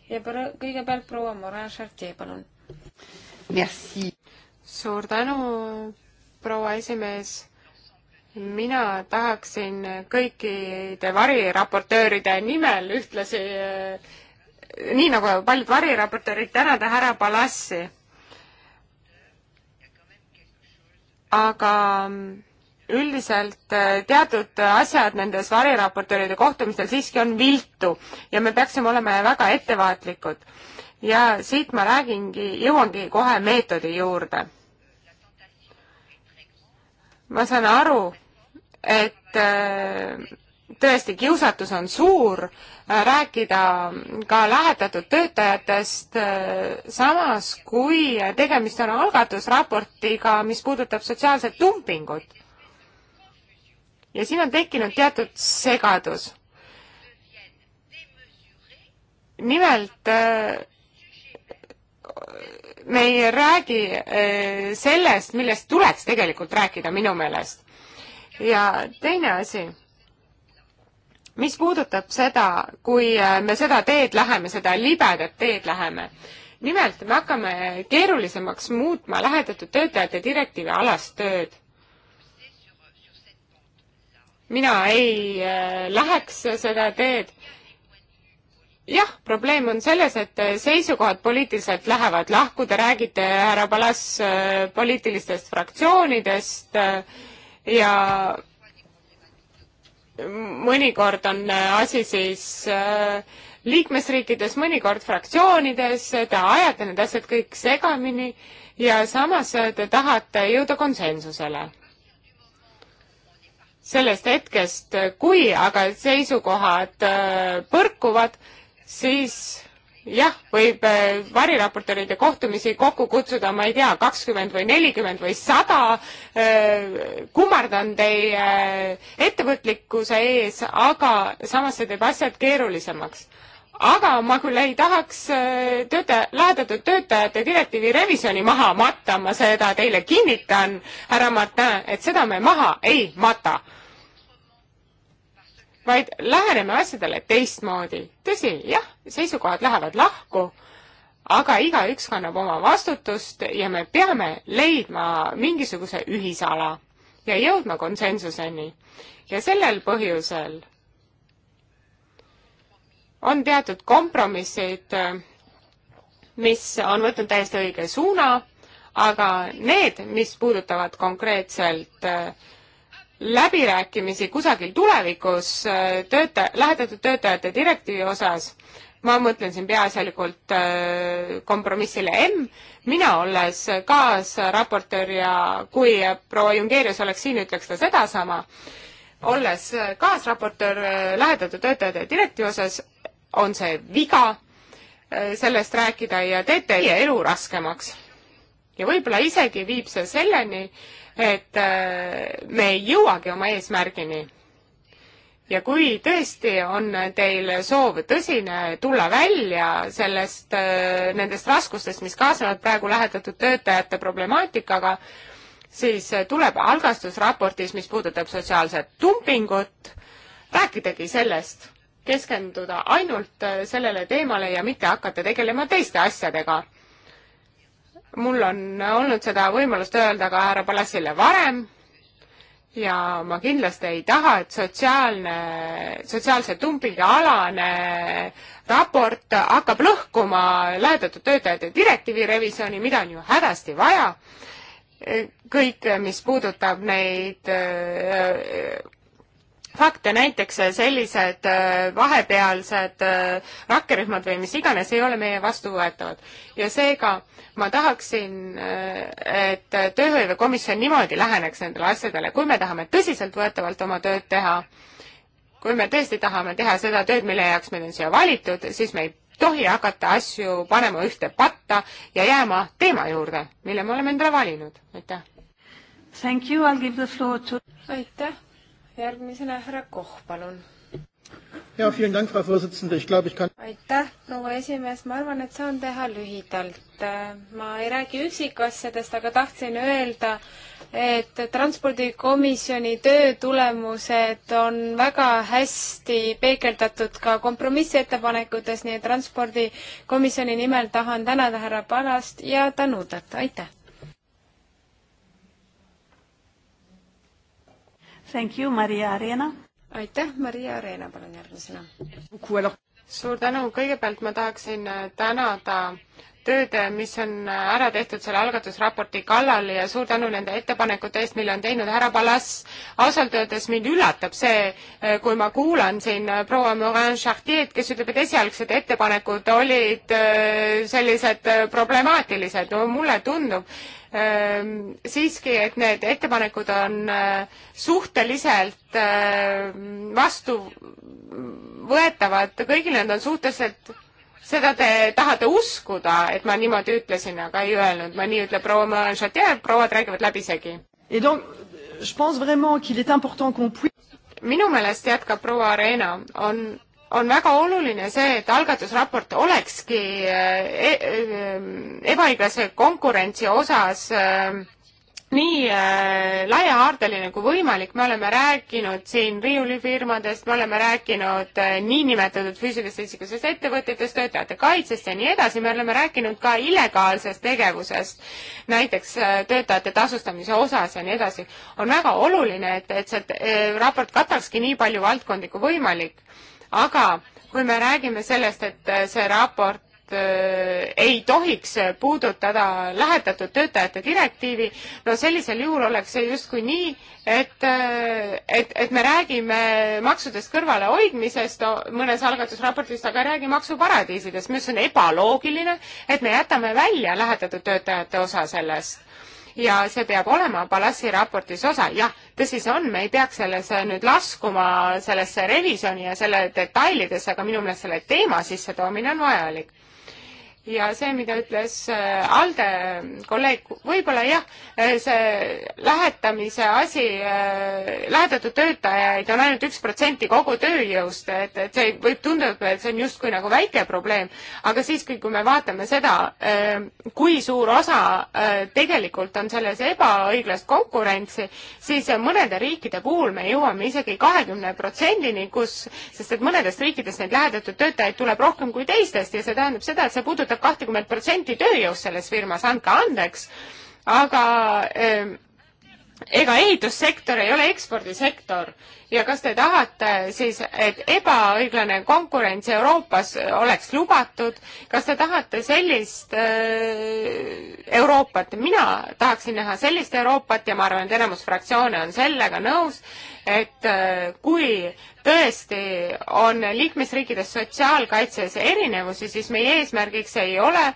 A: ja kõigepealt proua Morin Chartier, palun. suur tänu,
B: proua esimees mina tahaksin kõikide variraportööride nimel ühtlasi, eh, nii nagu paljud variraportöörid, tänada härra Palassi. aga üldiselt eh, teatud asjad nendes variraportööride kohtumistel siiski on viltu ja me peaksime olema väga ettevaatlikud. ja siit ma räägingi, jõuangi kohe meetodi juurde. ma saan aru, et äh, tõesti, kiusatus on suur äh, rääkida ka lähetatud töötajatest, äh, samas kui tegemist on algatusraportiga, mis puudutab sotsiaalset dumpingut. ja siin on tekkinud teatud segadus. nimelt me ei räägi sellest, millest tuleks tegelikult rääkida minu meelest ja teine asi, mis puudutab seda, kui äh, me seda teed läheme, seda libedat teed läheme, nimelt me hakkame keerulisemaks muutma lähetatud töötajate direktiivi alast tööd. mina ei äh, läheks seda teed jah, probleem on selles, et äh, seisukohad poliitiliselt lähevad lahku, te räägite, härra Palas, poliitilistest fraktsioonidest äh,, ja mõnikord on äh, asi siis äh, liikmesriikides, mõnikord fraktsioonides, äh, te ajate need asjad kõik segamini ja samas te tahate jõuda konsensusele. sellest hetkest, kui aga seisukohad põrkuvad, siis jah, võib äh, variraportööride kohtumisi kokku kutsuda, ma ei tea, kakskümmend või nelikümmend või sada. Äh, kummardan teie äh, ettevõtlikkuse ees, aga samas see teeb asjad keerulisemaks. aga ma küll ei tahaks töötaja, lähedatud töötajate direktiivi revisjoni maha matta, ma seda teile kinnitan, härra Martin, et seda me maha ei mata vaid läheneme asjadele teistmoodi. tõsi, jah, seisukohad lähevad lahku, aga igaüks kannab oma vastutust ja me peame leidma mingisuguse ühisala ja jõudma konsensuseni. ja sellel põhjusel on teatud kompromissid, mis on võtnud täiesti õige suuna, aga need, mis puudutavad konkreetselt äh, läbirääkimisi kusagil tulevikus äh, tööta-, lähetatud töötajate direktiivi osas, ma mõtlen siin peaasjalikult äh, kompromissile M, mina olles kaasraportöör ja kui proua Jungerius oleks siin, ütleks ta sedasama, olles kaasraportöör äh, lähetatud töötajate direktiivi osas, on see viga sellest rääkida ja teete elu raskemaks ja võib-olla isegi viib see selleni, et äh, me ei jõuagi oma eesmärgini. ja kui tõesti on teil soov tõsine tulla välja sellest, äh, nendest raskustest, mis kaasnevad praegu lähetatud töötajate problemaatikaga, siis tuleb algastusraportis, mis puudutab sotsiaalset dumpingut, rääkidagi sellest, keskenduda ainult äh, sellele teemale ja mitte hakata tegelema teiste asjadega mul on olnud seda võimalust öelda ka härra Palasile varem ja ma kindlasti ei taha, et sotsiaalne, sotsiaalse dumpingi alane raport hakkab lõhkuma lähedatud töötajate direktiivi revisjoni, mida on ju hädasti vaja. kõik, mis puudutab neid fakte, näiteks äh, sellised äh, vahepealsed äh, rakkerühmad või mis iganes ei ole meie vastuvõetavad. ja seega ma tahaksin, et tööhõivekomisjon niimoodi läheneks nendele asjadele, kui me tahame tõsiseltvõetavalt oma tööd teha, kui me tõesti tahame teha seda tööd, mille jaoks meid on siia valitud, siis me ei tohi hakata asju panema ühte patta ja jääma teema juurde, mille me oleme endale valinud. aitäh!
A: Thank you, I will give the floor to aitäh! järgmisena härra Koh, palun.
B: ja, kann...
A: aitäh, proua esimees, ma arvan, et saan teha lühidalt. ma ei räägi üksikasjadest, aga tahtsin öelda, et transpordikomisjoni töö tulemused on väga hästi peegeldatud ka kompromissettepanekutes, nii et transpordikomisjoni nimel tahan tänada härra Palast ja Tanutat, aitäh! Thank you, Maria Arena. aitäh, Maria Arena, palun järgmisena.
B: suur tänu, kõigepealt ma tahaksin äh, tänada tööd, mis on ära tehtud selle algatusraporti kallal ja suur tänu nende ettepanekute eest, mille on teinud härra Palas. ausalt öeldes mind üllatab see, kui ma kuulan siin proua Morin-Chartier'd, kes ütleb, et esialgsed ettepanekud olid äh, sellised äh, problemaatilised. no mulle tundub ähm, siiski, et need ettepanekud on äh, suhteliselt
A: vastuvõetavad,
B: kõigil need on suhteliselt seda te tahate uskuda, et ma niimoodi ütlesin, aga ei öelnud, ma nii ütlen, proua Maranchatier, prouad räägivad läbisegi. minu meelest jätkab proua Arena, on, on väga oluline see, et algatusraport olekski e e ebaõiglase konkurentsi osas äh, e nii äh, laiahaardeline kui võimalik, me oleme rääkinud siin riiulifirmadest, me oleme rääkinud äh, niinimetatud füüsilisest isikustest ettevõtetest, töötajate kaitsest ja nii edasi, me oleme rääkinud ka illegaalsest tegevusest, näiteks äh, töötajate tasustamise osas ja nii edasi. on väga oluline, et, et see äh, raport katakski nii palju valdkondi kui võimalik, aga kui me räägime sellest, et äh, see raport Äh, ei tohiks puudutada lähetatud töötajate direktiivi, no sellisel juhul oleks see justkui nii, et, äh, et, et me räägime maksudest kõrvalehoidmisest mõnes algatusraportis, aga ei räägi maksuparadiisidest, mis on ebaloogiline, et me jätame välja lähetatud töötajate osa sellest ja see peab olema Palassi raportis osa, jah, tõsi see on, me ei peaks sellesse nüüd laskuma, sellesse revisjoni ja selle detailidesse, aga minu meelest selle teema sissetoomine on vajalik ja see, mida ütles äh, Alde kolleeg, võib-olla jah, äh, see lähetamise asi, äh, lähetatud töötajaid on ainult üks protsenti kogu tööjõust, et, et see võib tunduda, et see on justkui nagu väike probleem, aga siiski, kui me vaatame seda, kui suur osa tegelikult on selles ebaõiglast konkurentsi, siis mõnede riikide puhul me jõuame isegi kahekümne protsendini, kus, sest et mõnedest riikidest neid lähetatud töötajaid tuleb rohkem kui teistest ja see tähendab seda, et see puudutab puudutab kahtekümmet protsenti tööjõust selles firmas, andke andeks, aga öö, ehm, ega ehitussektor ei ole ekspordisektor ja kas te tahate siis, et ebaõiglane konkurents Euroopas oleks lubatud, kas te tahate sellist äh, Euroopat, mina tahaksin näha sellist Euroopat ja ma arvan, et enamus fraktsioone on sellega nõus, et äh, kui tõesti on liikmesriikides sotsiaalkaitses erinevusi, siis meie eesmärgiks ei ole äh,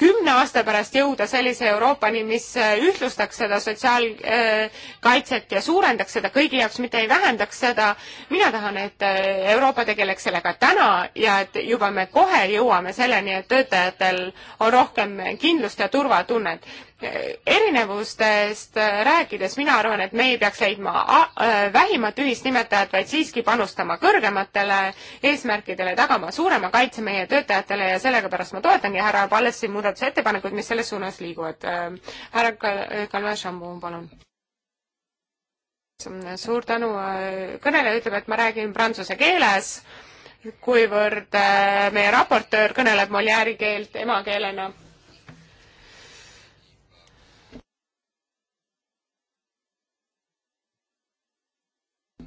B: kümne aasta pärast jõuda sellise Euroopani, mis äh, ühtlustaks seda sotsiaalkaitset äh, ja suurendaks seda kõigi jaoks, mitte ei vähendaks seda. mina tahan, et äh, Euroopa tegeleks sellega täna ja et juba me kohe jõuame selleni, et töötajatel on rohkem kindlust ja turvatunnet erinevustest rääkides mina arvan, et me ei peaks leidma vähimat ühisnimetajat, vaid siiski panustama kõrgematele eesmärkidele, tagama suurema kaitse meie töötajatele ja sellega pärast ma toetangi härra Pallesi muudatus muudatusettepanekuid, mis selles suunas liiguvad. Äh, härra Kalve äh, Šambun, palun. suur tänu, äh, kõneleja ütleb, et ma räägin prantsuse keeles kuivõrd meie raportöör kõneleb Molieri keelt emakeelena.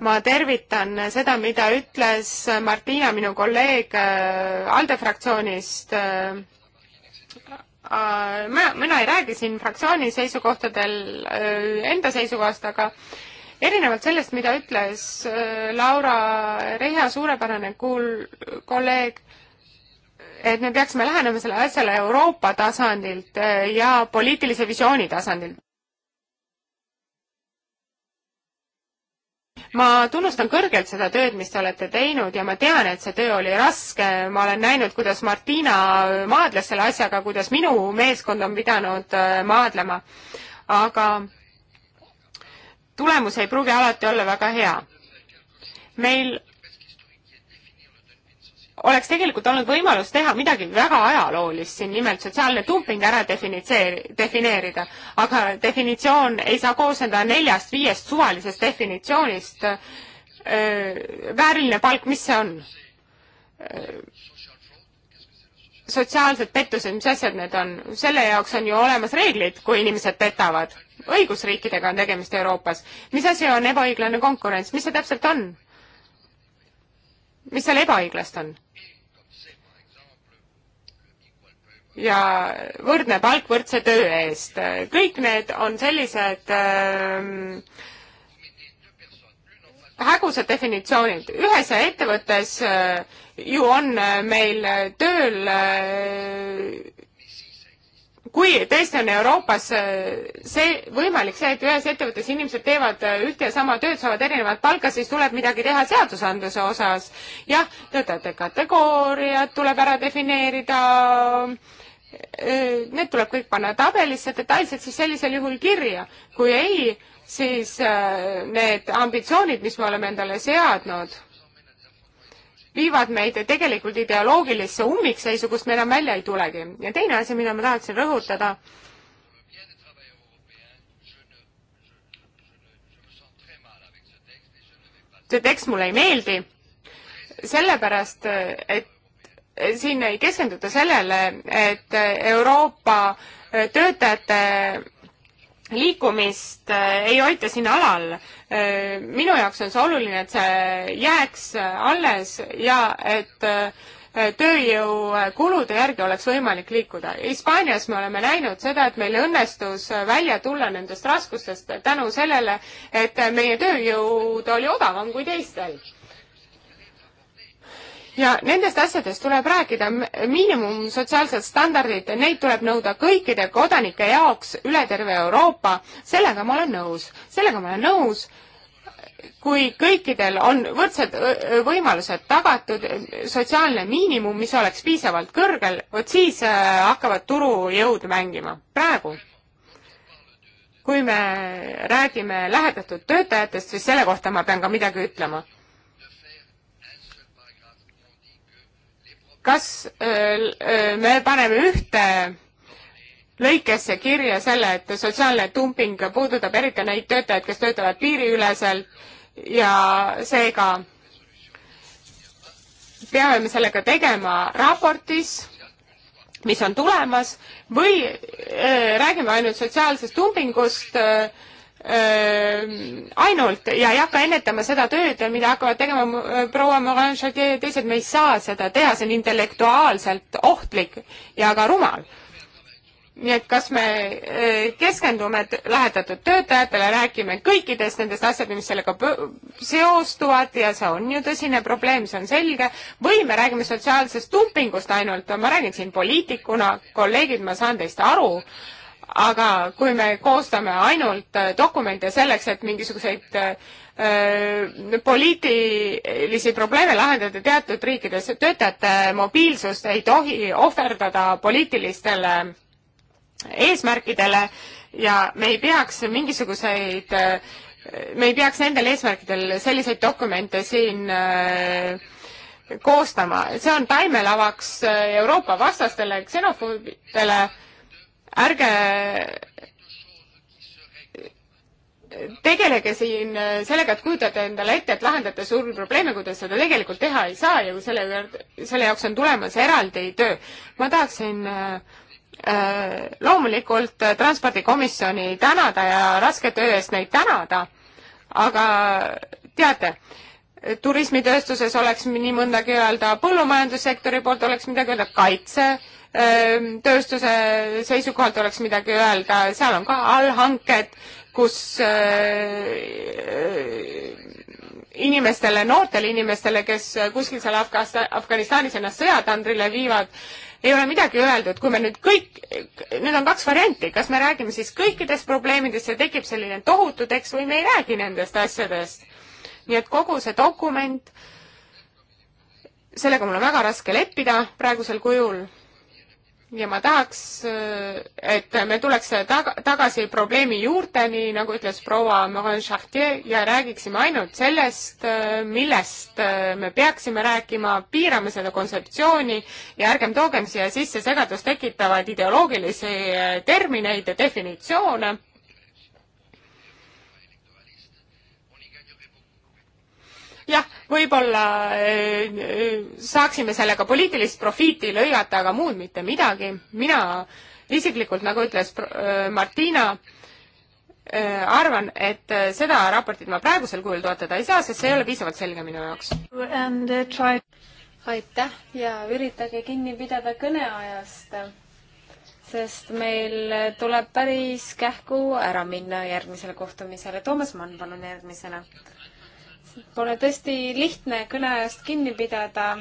B: ma tervitan seda, mida ütles Martina, minu kolleeg ALDE fraktsioonist Äh, mina, mina ei räägi siin fraktsiooni seisukohtadel äh, enda seisukohast, aga erinevalt sellest, mida ütles äh, Laura Reha, suurepärane kuul-, kolleeg, et me peaksime lähenema sellele asjale Euroopa tasandilt ja poliitilise visiooni tasandilt. ma tunnustan kõrgelt seda tööd, mis te olete teinud ja ma tean, et see töö oli raske, ma olen näinud, kuidas Martina maadles selle asjaga, kuidas minu meeskond on pidanud äh, maadlema. aga tulemus ei pruugi alati olla väga hea. meil oleks tegelikult olnud võimalus teha midagi väga ajaloolist siin, nimelt sotsiaalne dumping ära defineerida. aga definitsioon ei saa koosneda neljast-viiest suvalisest definitsioonist. vääriline palk, mis see on? sotsiaalsed pettused, mis asjad need on? selle jaoks on ju olemas reeglid, kui inimesed petavad. õigusriikidega on tegemist Euroopas. mis asi on ebaõiglane konkurents, mis see täpselt on? mis seal ebaõiglast on? ja võrdne palk võrdse töö eest. kõik need on sellised äh, hägusad definitsioonid. ühes ettevõttes äh, ju on äh, meil tööl, äh, kui tõesti on Euroopas see võimalik, see, et ühes ettevõttes inimesed teevad ühte ja sama tööd, saavad erinevat palka, siis tuleb midagi teha seadusandluse osas. jah, töötajate kategooriad tuleb ära defineerida Äh, need tuleb kõik panna tabelisse detailselt siis sellisel juhul kirja. kui ei, siis äh, need ambitsioonid, mis me oleme endale seadnud, viivad meid tegelikult ideoloogilisse ummikseisu, kust me enam välja ei tulegi. ja teine asi, mida ma tahaksin rõhutada, see tekst mulle ei meeldi, sellepärast et siin ei keskenduta sellele, et Euroopa töötajate liikumist äh, ei hoita siin alal. Äh, minu jaoks on see oluline, et see jääks alles ja et äh, tööjõukulude järgi oleks võimalik liikuda. Hispaanias me oleme näinud seda, et meil õnnestus välja tulla nendest raskustest tänu sellele, et meie tööjõud oli odavam kui teistel ja nendest asjadest tuleb rääkida, miinimum sotsiaalsed standardid, neid tuleb nõuda kõikide kodanike jaoks üle terve Euroopa, sellega ma olen nõus, sellega ma olen nõus, kui kõikidel on võrdsed võimalused tagatud, sotsiaalne miinimum, mis oleks piisavalt kõrgel, vot siis äh, hakkavad turujõud mängima. praegu, kui me räägime lähedatud töötajatest, siis selle kohta ma pean ka midagi ütlema kas öö, öö, me paneme ühte lõikesse kirja selle, et sotsiaalne dumping puudutab eriti neid töötajaid, kes töötavad piiriüleselt ja seega peame me sellega tegema raportis, mis on tulemas, või öö, räägime ainult sotsiaalsest dumpingust, Äh, ainult ja ei hakka ennetama seda tööd, mida hakkavad tegema äh, proua Morin-Chartier ja teised, me ei saa seda teha, see on intellektuaalselt ohtlik ja ka rumal nii et kas me äh, keskendume lähetatud töötajatele, räägime kõikidest nendest asjadest, mis sellega seostuvad ja see on ju tõsine probleem, see on selge, või me räägime sotsiaalsest dumpingust ainult, ma räägin siin poliitikuna, kolleegid, ma saan teist aru, aga kui me koostame ainult äh, dokumente selleks, et mingisuguseid öö, äh, äh, poliitilisi probleeme lahendada teatud riikides, töötajate mobiilsust ei tohi ohverdada poliitilistele eesmärkidele ja me ei peaks mingisuguseid, me ei peaks nendel eesmärkidel selliseid dokumente siin öö, koostama, see on taimelavaks Euroopa vastastele ksenofoobidele ärge tegelege siin sellega, et kujutate endale ette, et lahendate suuri probleeme, kui te seda tegelikult teha ei saa ja kui selle, selle jaoks on tulemas eraldi töö. ma tahaksin äh, loomulikult transpordikomisjoni tänada ja raske töö eest neid tänada, aga teate, turismitööstuses oleks nii mõndagi öelda, põllumajandussektori poolt oleks midagi öelda, kaitse äh,, tööstuse seisukohalt oleks midagi öelda, seal on ka allhanked, kus inimestele, noortele inimestele, kes kuskil seal Afgasta-, Afganistanis ennast sõjatandrile viivad, ei ole midagi öeldud, kui me nüüd kõik, nüüd on kaks varianti, kas me räägime siis kõikidest probleemidest ja tekib selline tohutu tekst või me ei räägi nendest asjadest. nii et kogu see dokument, sellega mul on väga raske leppida praegusel kujul ja ma tahaks, et me tuleks taga, tagasi probleemi juurteni, nagu ütles proua Morin Chartier, ja räägiksime ainult sellest, millest me peaksime rääkima, piirame seda kontseptsiooni ja ärgem toogem siia sisse segadust tekitavaid ideoloogilisi termineid ja definitsioone. jah, võib-olla äh, äh, saaksime sellega poliitilist profiiti lõigata, aga muud mitte midagi. mina isiklikult, nagu ütles äh, Martina, arvan, et seda raportit ma praegusel kujul toetada ei saa, sest see ei ole piisavalt selge minu jaoks.
A: Uh, aitäh ja üritage kinni pidada kõneajast, sest meil tuleb päris kähku ära minna järgmisele kohtumisele. Toomas Mann, palun järgmisena pole tõesti lihtne kõneajast kinni pidada.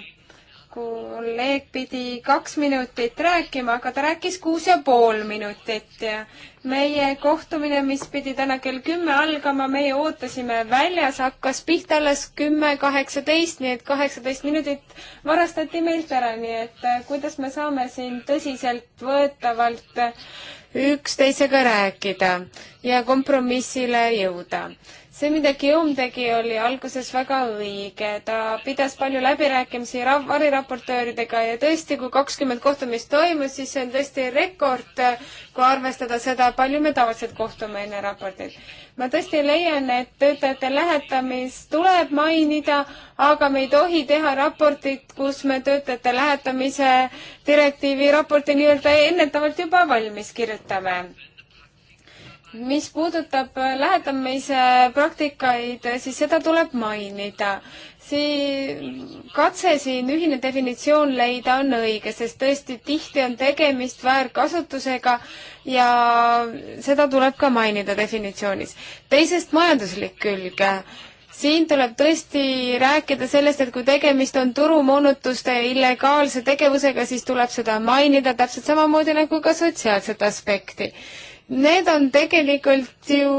A: kolleeg pidi kaks minutit rääkima, aga ta rääkis kuus ja pool minutit ja meie kohtumine, mis pidi täna kell kümme algama, meie ootasime väljas, hakkas pihta alles kümme kaheksateist, nii et kaheksateist minutit varastati meilt ära, nii et äh, kuidas me saame siin tõsiseltvõetavalt üksteisega rääkida ja kompromissile jõuda see, mida Guillaume tegi, oli alguses väga õige, ta pidas palju läbirääkimisi variraportööridega ja tõesti, kui kakskümmend kohtumist toimus, siis see on tõesti rekord, kui arvestada seda, palju me tavaliselt kohtume enne raportit. ma tõesti leian, et töötajate lähetamist tuleb mainida, aga me ei tohi teha raportit, kus me töötajate lähetamise direktiivi raporti nii-öelda ennetavalt juba valmis kirjutame mis puudutab äh, lähetamise praktikaid, äh, siis seda tuleb mainida. see katse siin ühine definitsioon leida on õige, sest tõesti tihti on tegemist väärkasutusega ja seda tuleb ka mainida definitsioonis. teisest majanduslik külg siin tuleb tõesti rääkida sellest, et kui tegemist on turumoonutuste illegaalse tegevusega, siis tuleb seda mainida täpselt samamoodi nagu ka sotsiaalset aspekti Need on tegelikult ju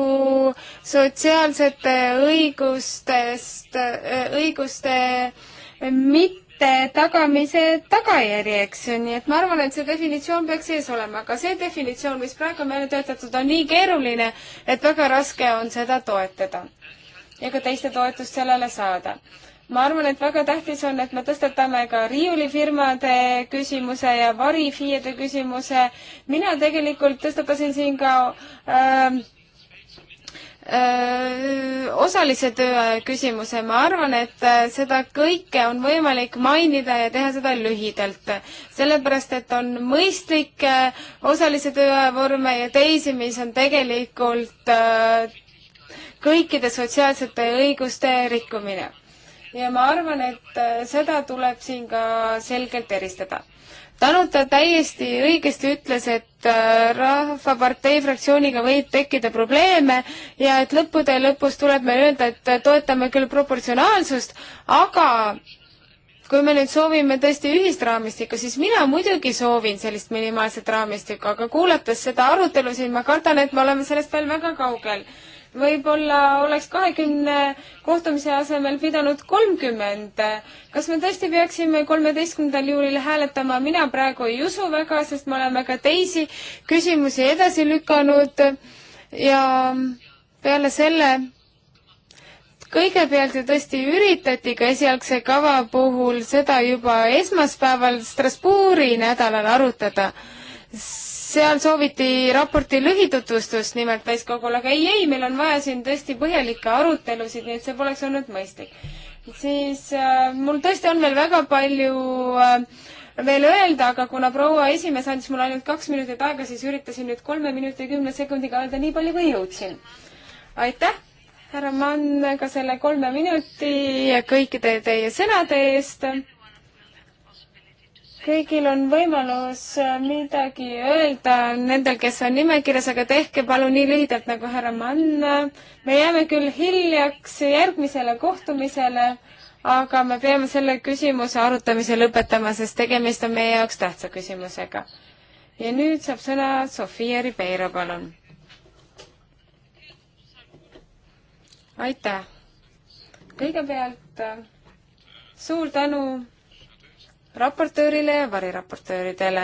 A: sotsiaalsete õigustest, äh, õiguste mitte tagamise tagajärjeks, nii et ma arvan, et see definitsioon peaks sees olema, aga see definitsioon, mis praegu on välja töötatud, on nii keeruline, et väga raske on seda toetada ja ka teiste toetust sellele saada ma arvan, et väga tähtis on, et me tõstatame ka riiulifirmade küsimuse ja varifiiede küsimuse. mina tegelikult tõstatasin siin ka ähm, äh, Öö, osalise töö küsimuse, ma arvan, et äh, seda kõike on võimalik mainida ja teha seda lühidalt. sellepärast, et on mõistlikke äh, osalise töövorme ja teisi, mis on tegelikult öö, äh, kõikide sotsiaalsete õiguste rikkumine ja ma arvan, et äh, seda tuleb siin ka selgelt eristada. Tanuta täiesti õigesti ütles, et äh, Rahvapartei fraktsiooniga võib tekkida probleeme ja et lõppude lõpus tuleb meil öelda, et äh, toetame küll proportsionaalsust, aga kui me nüüd soovime tõesti ühist raamistikku, siis mina muidugi soovin sellist minimaalset raamistikku, aga kuulates seda arutelu siin, ma kardan, et me oleme sellest veel väga kaugel võib-olla oleks kahekümne kohtumise asemel pidanud kolmkümmend. kas me tõesti peaksime kolmeteistkümnendal juulil hääletama, mina praegu ei usu väga, sest me oleme ka teisi küsimusi edasi lükanud ja peale selle kõigepealt ju tõesti üritati ka esialgse kava puhul seda juba esmaspäeval Strasbourgi nädalal arutada seal sooviti raporti lühitutvustust nimelt täiskogul, aga ei, ei, meil on vaja siin tõesti põhjalikke arutelusid, nii et see poleks olnud mõistlik. siis äh, mul tõesti on veel väga palju äh, veel öelda, aga kuna proua esimees andis mulle ainult kaks minutit aega, siis üritasin nüüd kolme minuti kümne sekundiga öelda nii palju, kui jõudsin. aitäh, härra Mann, ka selle kolme minuti ja kõikide teie sõnade eest kõigil on võimalus äh, midagi öelda, nendel, kes on nimekirjas, aga tehke palun nii lühidalt nagu härra Mann. me jääme küll hiljaks järgmisele kohtumisele, aga me peame selle küsimuse arutamise lõpetama, sest tegemist on meie jaoks tähtsa küsimusega. ja nüüd saab sõna Sofia Ribeiro, palun. aitäh. kõigepealt äh, suur tänu raportöörile ja variraportööridele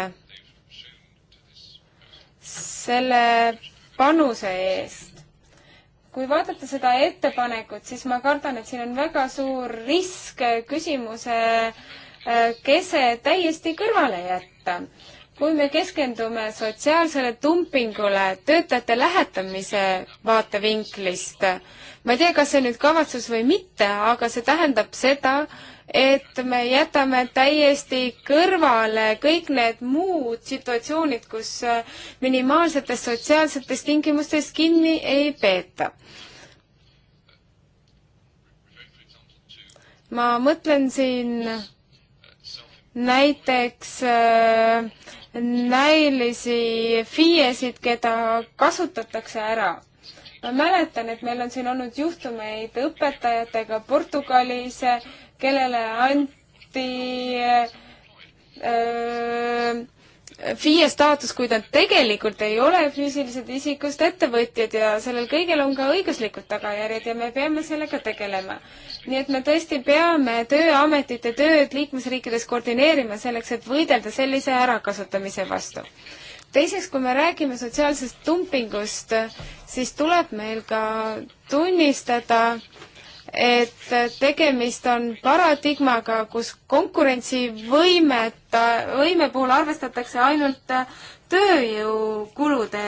A: selle panuse eest. kui vaadata seda ettepanekut, siis ma kardan, et siin on väga suur risk küsimuse äh, kese täiesti kõrvale jätta. kui me keskendume sotsiaalsele dumpingule töötajate lähetamise vaatevinklist, ma ei tea, kas see nüüd kavatsus või mitte, aga see tähendab seda, et me jätame täiesti kõrvale kõik need muud situatsioonid, kus äh, minimaalsetest sotsiaalsetest tingimustest kinni ei peeta. ma mõtlen siin näiteks äh, näilisi FIE-sid, keda kasutatakse ära ma mäletan, et meil on siin olnud juhtumeid õpetajatega Portugalis, kellele anti öö, äh, äh, FIE staatus, kui nad tegelikult ei ole füüsilised isikust ettevõtjad ja sellel kõigel on ka õiguslikud tagajärjed ja me peame sellega tegelema. nii et me tõesti peame Tööametite tööd liikmesriikides koordineerima selleks, et võidelda sellise ärakasutamise vastu. teiseks, kui me räägime sotsiaalsest dumpingust, siis tuleb meil ka tunnistada, et tegemist on paradigmaga, kus konkurentsivõimet, võime puhul arvestatakse ainult tööjõukulude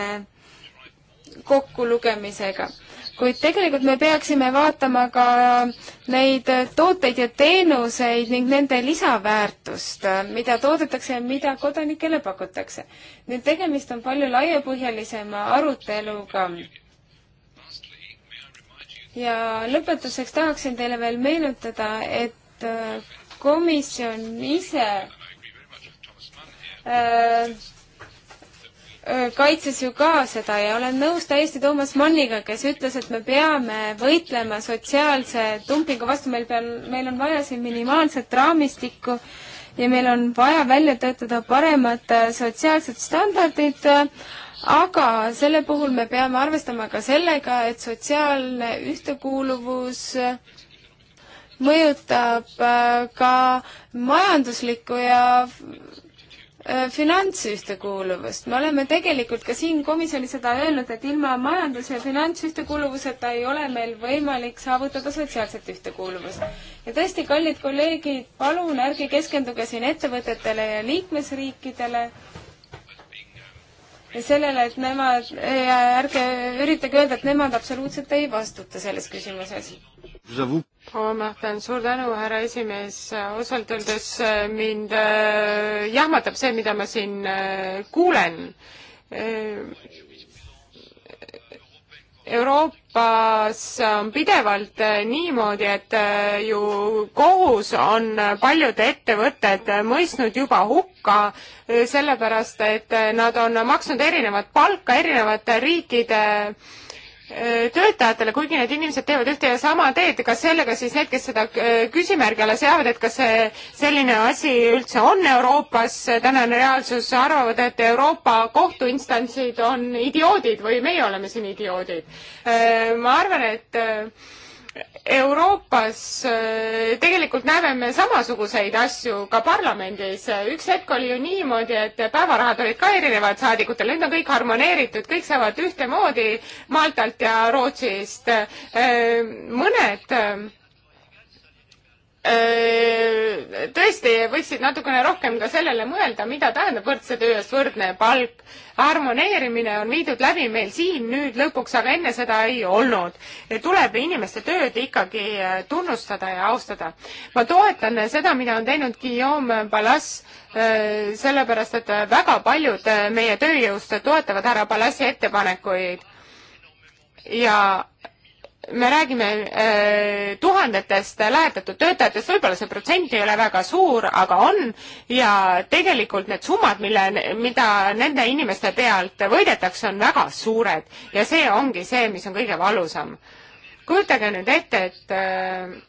A: kokkulugemisega. kuid tegelikult me peaksime vaatama ka neid tooteid ja teenuseid ning nende lisaväärtust, mida toodetakse ja mida kodanikele pakutakse. nüüd tegemist on palju laiapõhjalisema aruteluga ja lõpetuseks tahaksin teile veel meenutada, et äh, komisjon ise äh, äh, kaitses ju ka seda ja olen nõus täiesti Toomas Manniga, kes ütles, et me peame võitlema sotsiaalse dumpingu vastu, meil peab, meil on vaja siin minimaalset raamistikku ja meil on vaja välja töötada paremad äh, sotsiaalsed standardid äh, aga selle puhul me peame arvestama ka sellega, et sotsiaalne ühtekuuluvus mõjutab äh, ka majanduslikku ja äh, finantsühtekuuluvust. me oleme tegelikult ka siin komisjonis seda öelnud, et ilma majandus- ja finantsühtekuuluvuseta ei ole meil võimalik saavutada sotsiaalset ühtekuuluvust. ja tõesti, kallid kolleegid, palun ärge keskenduge siin ettevõtetele ja liikmesriikidele, sellele, et nemad, ärge üritage öelda, et nemad absoluutselt ei vastuta selles küsimuses. proua Mähten, suur tänu,
B: härra esimees, ausalt öeldes äh, mind äh, jahmatab see, mida ma siin äh, kuulen. Euroopa Euroopas on pidevalt niimoodi, et äh, ju kohus on paljud ettevõtted mõistnud juba hukka, äh, sellepärast et äh, nad on maksnud erinevat palka erinevate riikide Äh, töötajatele, kuigi need inimesed teevad ühte ja sama teed, kas sellega siis need, kes seda äh, küsimärgi alla seavad, et kas see selline asi üldse on Euroopas, tänane reaalsus, arvavad, et Euroopa kohtuinstantsid on idioodid või meie oleme siin idioodid? Äh, ma arvan, et Euroopas äh, tegelikult näeme me samasuguseid asju ka parlamendis. üks hetk oli ju niimoodi, et päevarahad olid ka erinevad saadikutel, nüüd on kõik harmoneeritud, kõik saavad ühtemoodi Maltalt ja Rootsist. Äh, mõned tõesti võiksid natukene rohkem ka sellele mõelda, mida tähendab võrdse töö eest võrdne palk. harmoneerimine on viidud läbi meil siin nüüd lõpuks, aga enne seda ei olnud. tuleb inimeste tööd ikkagi äh, tunnustada ja austada. ma toetan seda, mida on teinud Guillaume Palas, äh, sellepärast et väga paljud äh, meie tööjõust toetavad härra Palasi ettepanekuid ja me räägime öö, äh, tuhandetest lähetatud töötajatest, võib-olla see protsent ei ole väga suur, aga on ja tegelikult need summad, mille, mida nende inimeste pealt võidetakse, on väga suured ja see ongi see, mis on kõige valusam. kujutage nüüd ette, et öö, äh,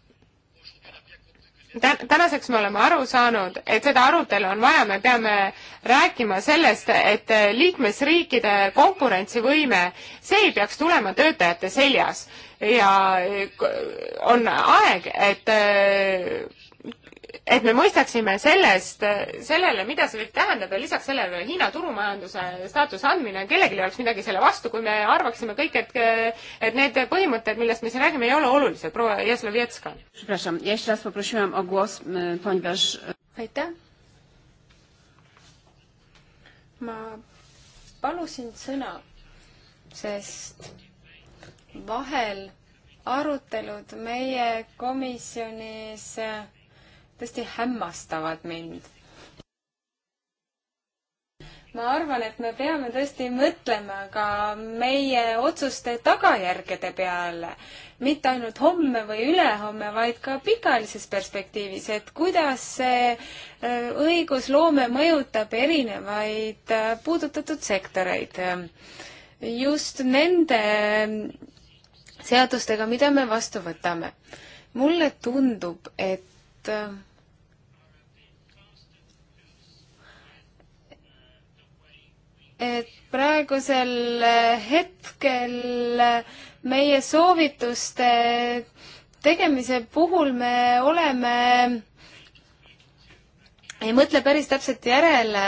B: tänaseks me oleme aru saanud, et seda arutelu on vaja, me peame rääkima sellest, et liikmesriikide konkurentsivõime, see ei peaks tulema töötajate seljas ja eh, on aeg, et eh, et me mõistaksime sellest, sellele, mida see võib tähendada, lisaks sellele Hiina turumajanduse staatuse andmine, kellelgi ei oleks midagi selle vastu, kui me arvaksime kõik, et et need põhimõtted, millest me siin räägime, ei ole olulised, proua Jaslovetska. E,
A: aitäh. ma palusin sõna, sest vahel arutelud meie komisjonis tõesti hämmastavad mind. ma arvan, et me peame tõesti mõtlema ka meie otsuste tagajärgede peale, mitte ainult homme või ülehomme, vaid ka pikaajalises perspektiivis, et kuidas see äh, õigusloome mõjutab erinevaid äh, puudutatud sektoreid. just nende seadustega, mida me vastu võtame. mulle tundub, et äh, et praegusel hetkel meie soovituste tegemise puhul me oleme ei mõtle päris täpselt järele,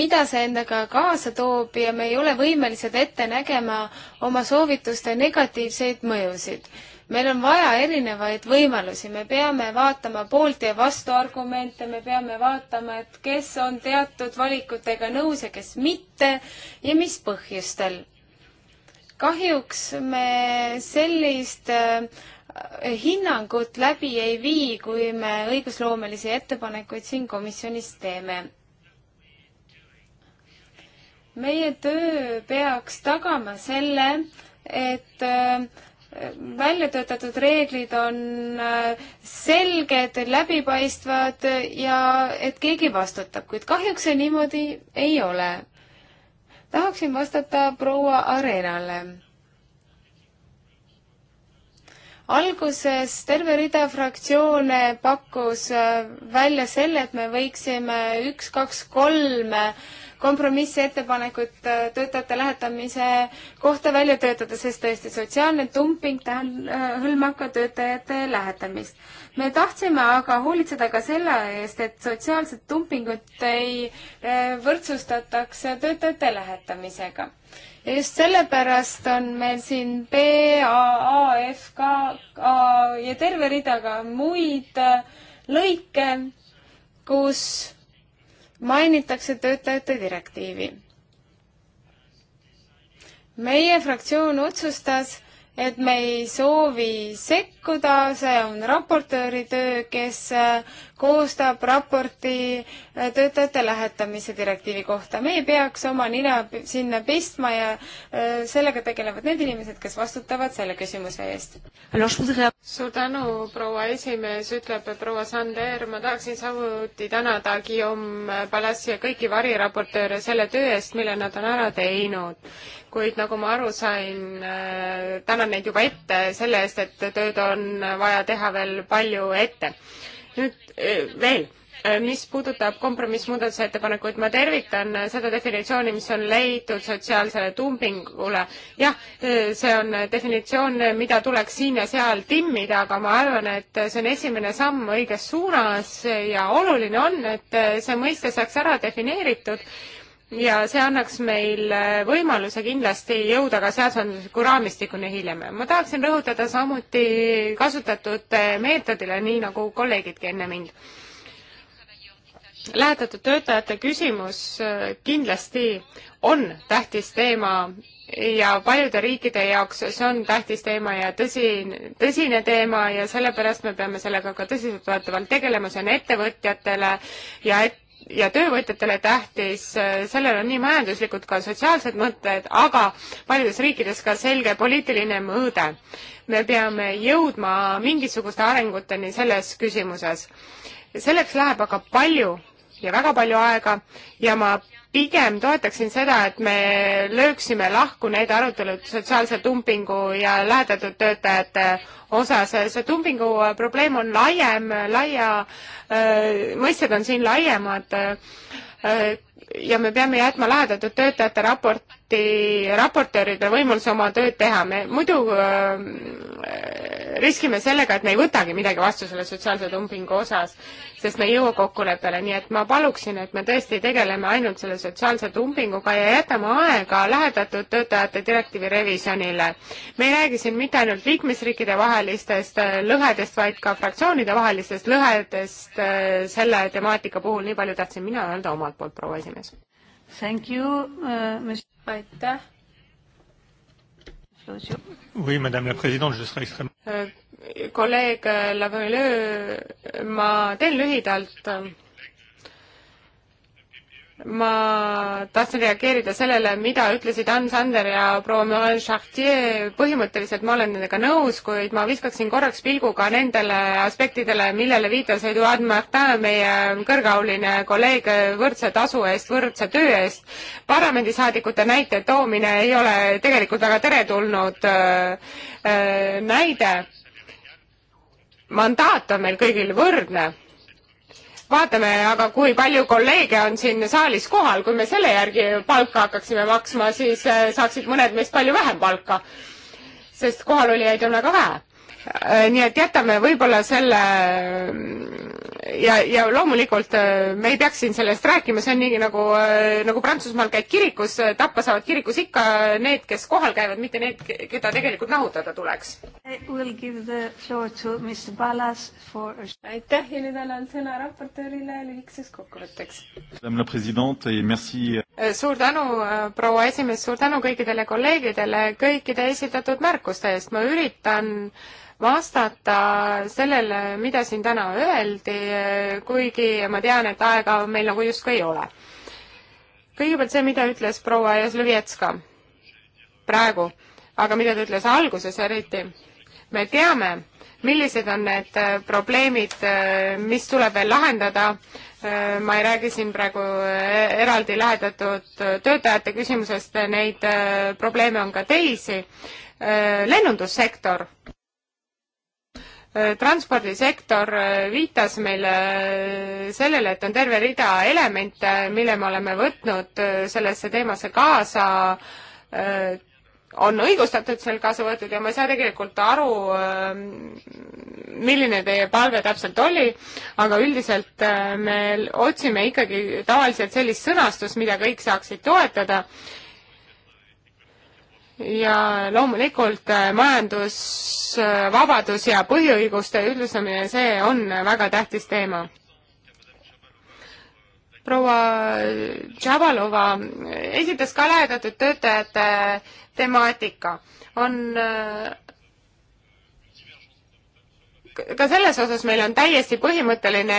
A: mida see endaga kaasa toob ja me ei ole võimelised ette nägema oma soovituste negatiivseid mõjusid meil on vaja erinevaid võimalusi, me peame vaatama poolt ja vastu argumente, me peame vaatama, et kes on teatud valikutega nõus ja kes mitte ja mis põhjustel. kahjuks me sellist äh, hinnangut läbi ei vii, kui me õigusloomelisi ettepanekuid siin komisjonis teeme meie töö peaks tagama selle, et äh, välja töötatud reeglid on äh, selged, läbipaistvad ja et keegi vastutab, kuid kahjuks see niimoodi ei ole. tahaksin vastata proua Arenale alguses terve rida fraktsioone pakkus äh, välja selle, et me võiksime üks, kaks, kolm äh, kompromissettepanekut äh, töötajate lähetamise kohta välja töötada, sest tõesti, sotsiaalne dumping tähendab, äh, hõlmab ka töötajate lähetamist. me tahtsime aga hoolitseda ka selle eest, et sotsiaalset dumpingut ei äh, võrdsustataks töötajate lähetamisega. ja just sellepärast on meil siin BAAF ka ja terve rida ka muid lõike, kus mainitakse töötajate direktiivi. meie fraktsioon otsustas, et me ei soovi sekkuda, see on raportööri töö, kes koostab raporti äh, töötajate lähetamise direktiivi kohta. me ei peaks oma nina sinna pistma ja äh, sellega tegelevad need inimesed, kes vastutavad selle küsimuse eest. suur
B: tänu, proua esimees, ütleb proua Sander, ma tahaksin samuti tänada Guillaume Palassi ja kõiki variraportööre selle töö eest, mille nad on ära teinud kuid nagu ma aru sain, äh, tänan neid juba ette selle eest, et tööd on vaja teha veel palju ette nüüd eh, veel eh, mis puudutab kompromissmuudatusettepanekuid, ma tervitan eh, seda definitsiooni, mis on leitud sotsiaalsele dumpingule. jah, see on definitsioon, mida tuleks siin ja seal timmida, aga ma arvan, et see on esimene samm õiges suunas ja oluline on, et see mõiste saaks ära defineeritud ja see annaks meil äh, võimaluse kindlasti jõuda ka seadusandlusliku raamistikuni hiljem. ma tahaksin rõhutada samuti kasutatud äh, meetodile, nii nagu kolleegidki enne mind. lähetatud töötajate küsimus äh, kindlasti on tähtis teema ja paljude riikide jaoks see on tähtis teema ja tõsi, tõsine teema ja sellepärast me peame sellega ka tõsiseltvõetavalt tegelema, see on ettevõtjatele ja et ja töövõtjatele tähtis, sellel on nii majanduslikud ka sotsiaalsed mõtted, aga paljudes riikides ka selge poliitiline mõõde. me peame jõudma mingisuguste arenguteni selles küsimuses. selleks läheb aga palju ja väga palju aega ja ma pigem toetaksin seda, et me lööksime lahku need arutelud sotsiaalse dumpingu ja lähedatud töötajate osas. see dumpingu äh, probleem on laiem, laia, äh, mõisted on siin laiemad äh, ja me peame jätma lähedatud töötajate raporti, raportööride võimaluse oma tööd teha. me muidu riskime sellega, et me ei võtagi midagi vastu selle sotsiaalse dumpingu osas, sest me ei jõua kokkuleppele, nii et ma paluksin, et me tõesti tegeleme ainult selle sotsiaalse dumpinguga ja jätame aega lähedatud töötajate direktiivi revisjonile. me ei räägi siin mitte ainult liikmesriikide vahelistest äh, lõhedest, vaid ka fraktsioonide vahelistest lõhedest äh, selle temaatika puhul, nii palju tahtsin mina öelda omalt poolt, proua esimees.
A: Thank you uh,, mis aitäh.
B: Oui, Madame la Présidente, je serai extrêmement kolleeg Lavalöö, ma teen lühidalt ma tahtsin reageerida sellele, mida ütlesid Ann Sander ja proua Morin Chartier, põhimõtteliselt ma olen nendega nõus, kuid ma viskaksin korraks pilguga nendele aspektidele, millele viitas Eduard Martin, meie kõrgeauline kolleeg võrdse tasu eest, võrdse töö eest. parlamendisaadikute näite toomine ei ole tegelikult väga teretulnud äh, äh näide. mandaat on meil kõigil võrdne vaatame aga, kui palju kolleege on siin saalis kohal, kui me selle järgi palka hakkaksime maksma, siis äh, saaksid mõned meist palju vähem palka. sest kohalolijaid on väga vähe. Äh, nii et jätame võib-olla selle ja, ja loomulikult äh, me ei peaks siin sellest rääkima, see on nii nagu, äh, nagu Prantsusmaal käid kirikus, äh, tappa saavad kirikus ikka need, kes kohal käivad, mitte need, keda tegelikult nahutada tuleks.
A: For... aitäh ja nüüd annan sõna raportöörile lühikeseks kokkuvõtteks.
B: suur tänu, proua esimees, suur tänu kõikidele kolleegidele kõikide esitatud märkuste eest, ma üritan äh, vastata sellele, mida siin täna öeldi, kuigi ma tean, et aega meil nagu justkui ei ole. kõigepealt see, mida ütles proua Jaslovetska praegu, aga mida ta ütles alguses eriti. me teame, millised on need probleemid, mis tuleb veel lahendada, ma ei räägi siin praegu eraldi lähedatud töötajate küsimusest, neid probleeme on ka teisi, lennundussektor Äh, transpordisektor äh, viitas meile äh, sellele, et on terve rida elemente, mille me oleme võtnud sellesse teemasse kaasa, on õigustatud seal kaasa võetud ja ma ei saa tegelikult aru, milline teie palve täpselt oli, aga üldiselt me otsime ikkagi tavaliselt sellist sõnastust, mida kõik saaksid toetada ja loomulikult äh, majandusvabadus äh, ja põhiõiguste üldlustamine, see on väga tähtis teema. proua Tšabalova esitas ka lähedatud töötajate temaatika. on äh, ka selles osas meil on täiesti põhimõtteline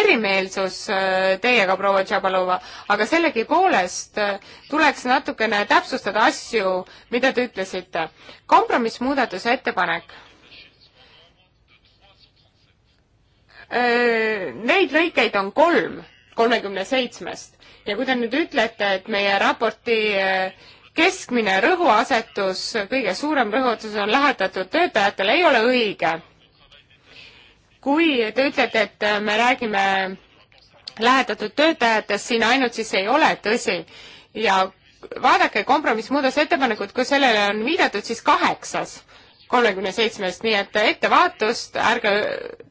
B: erimeelsus äh, teiega, proua Tšabalova, aga sellegipoolest äh, tuleks natukene täpsustada asju, mida te ütlesite. kompromissmuudatuse ettepanek. Äh, neid lõikeid on kolm kolmekümne seitsmest ja kui te nüüd ütlete, et meie raporti keskmine rõhuasetus, kõige suurem rõhuasetus on lähetatud töötajatele, ei ole õige kui te ütlete, et äh, me räägime lähetatud töötajatest, siin ainult siis ei ole tõsi ja vaadake kompromissmuudatusettepanekut, kui sellele on viidatud, siis kaheksas kolmekümne seitsmest, nii et ettevaatust, ärge,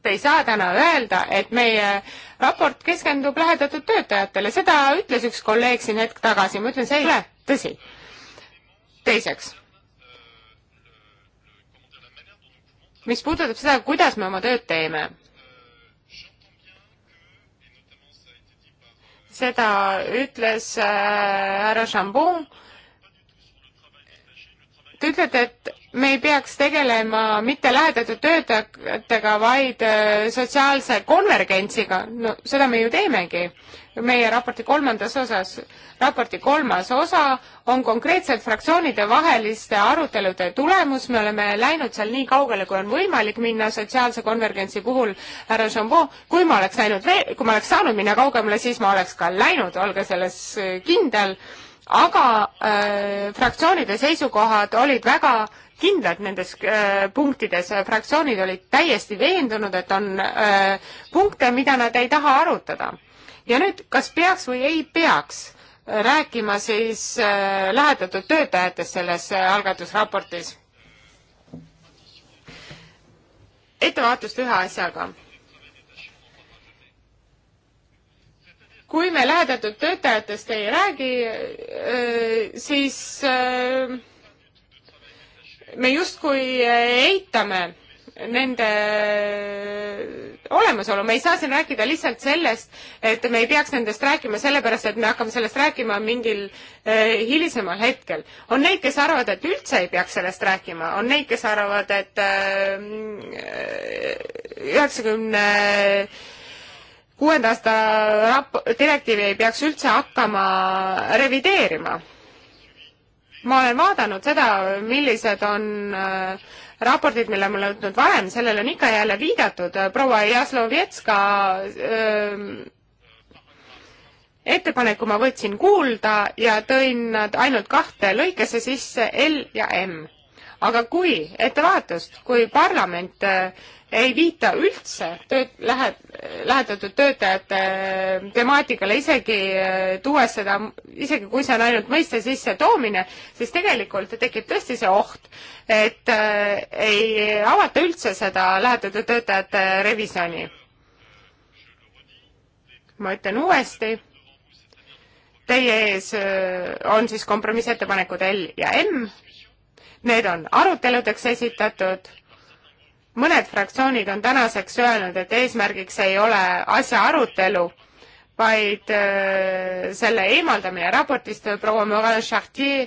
B: te ei saa täna öelda, et meie raport keskendub lähedatud töötajatele, seda ütles üks kolleeg siin hetk tagasi, ma ütlen, see ei ole tõsi. teiseks, mis puudutab seda, kuidas me oma tööd teeme, seda ütles äh, härra äh, Chambon Te ütlete, et me ei peaks tegelema mitte lähedatud töötajatega, vaid äh, sotsiaalse konvergentsiga. no seda me ju teemegi meie raporti kolmandas osas. raporti kolmas osa on konkreetselt fraktsioonide vaheliste arutelude tulemus, me oleme läinud seal nii kaugele, kui on võimalik minna sotsiaalse konvergentsi puhul, härra Jambon, kui ma oleks läinud, kui ma oleks saanud minna kaugemale, siis ma oleks ka läinud, olge selles äh, kindel aga äh, fraktsioonide seisukohad olid väga kindlad nendes äh, punktides, fraktsioonid olid täiesti veendunud, et on äh, punkte, mida nad ei taha arutada. ja nüüd, kas peaks või ei peaks äh, rääkima siis äh, lähetatud töötajatest selles äh, algatusraportis? ettevaatust ühe asjaga kui me lähedatud töötajatest ei räägi, äh, siis äh, me justkui eitame nende olemasolu, me ei saa siin rääkida lihtsalt sellest, et me ei peaks nendest rääkima sellepärast, et me hakkame sellest rääkima mingil eh, hilisemal hetkel. on neid, kes arvavad, et üldse ei peaks sellest rääkima, on neid, kes arvavad, et üheksakümne eh, kuuenda aasta rap-, direktiivi ei peaks üldse hakkama revideerima. ma olen vaadanud seda, millised on äh, raportid, mille ma olen võtnud varem, sellele on ikka jälle viidatud, proua Jaslovetska äh, ettepaneku ma võtsin kuulda ja tõin nad ainult kahte lõikesse sisse, L ja M. aga kui, ettevaatust, kui parlament äh, ei viita üldse tööd, läheb lähetatud töötajate temaatikale, isegi eh, tuues seda, isegi kui see on ainult mõiste sissetoomine, siis tegelikult tekib tõesti see oht, et eh, ei avata üldse seda lähetatud töötajate revisjoni. ma ütlen uuesti, teie ees eh, on siis kompromissettepanekud L ja M, need on aruteludeks esitatud mõned fraktsioonid on tänaseks öelnud, et eesmärgiks ei ole asja arutelu, vaid äh, selle eemaldamine raportist, proua Morin-Chartier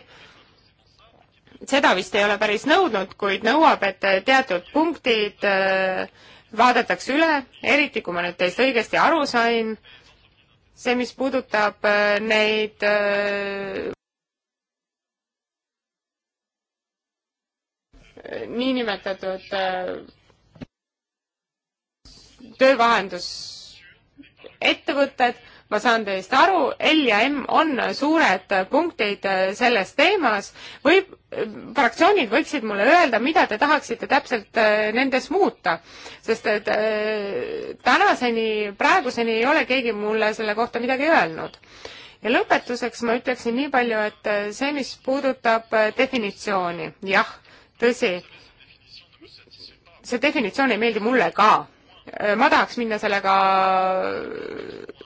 B: seda vist ei ole päris nõudnud, kuid nõuab, et teatud punktid äh, vaadatakse üle, eriti kui ma nüüd teist õigesti aru sain, see, mis puudutab äh, neid niinimetatud töövahendusettevõtted, ma saan teist aru, L ja M on suured punktid äh, selles teemas, võib, fraktsioonid võiksid mulle öelda, mida te tahaksite täpselt äh, nendes muuta, sest et äh, tänaseni, praeguseni ei ole keegi mulle selle kohta midagi öelnud ja lõpetuseks ma ütleksin nii palju, et see, mis puudutab definitsiooni, jah, tõsi, see definitsioon ei meeldi mulle ka Äh, ma tahaks minna sellega äh,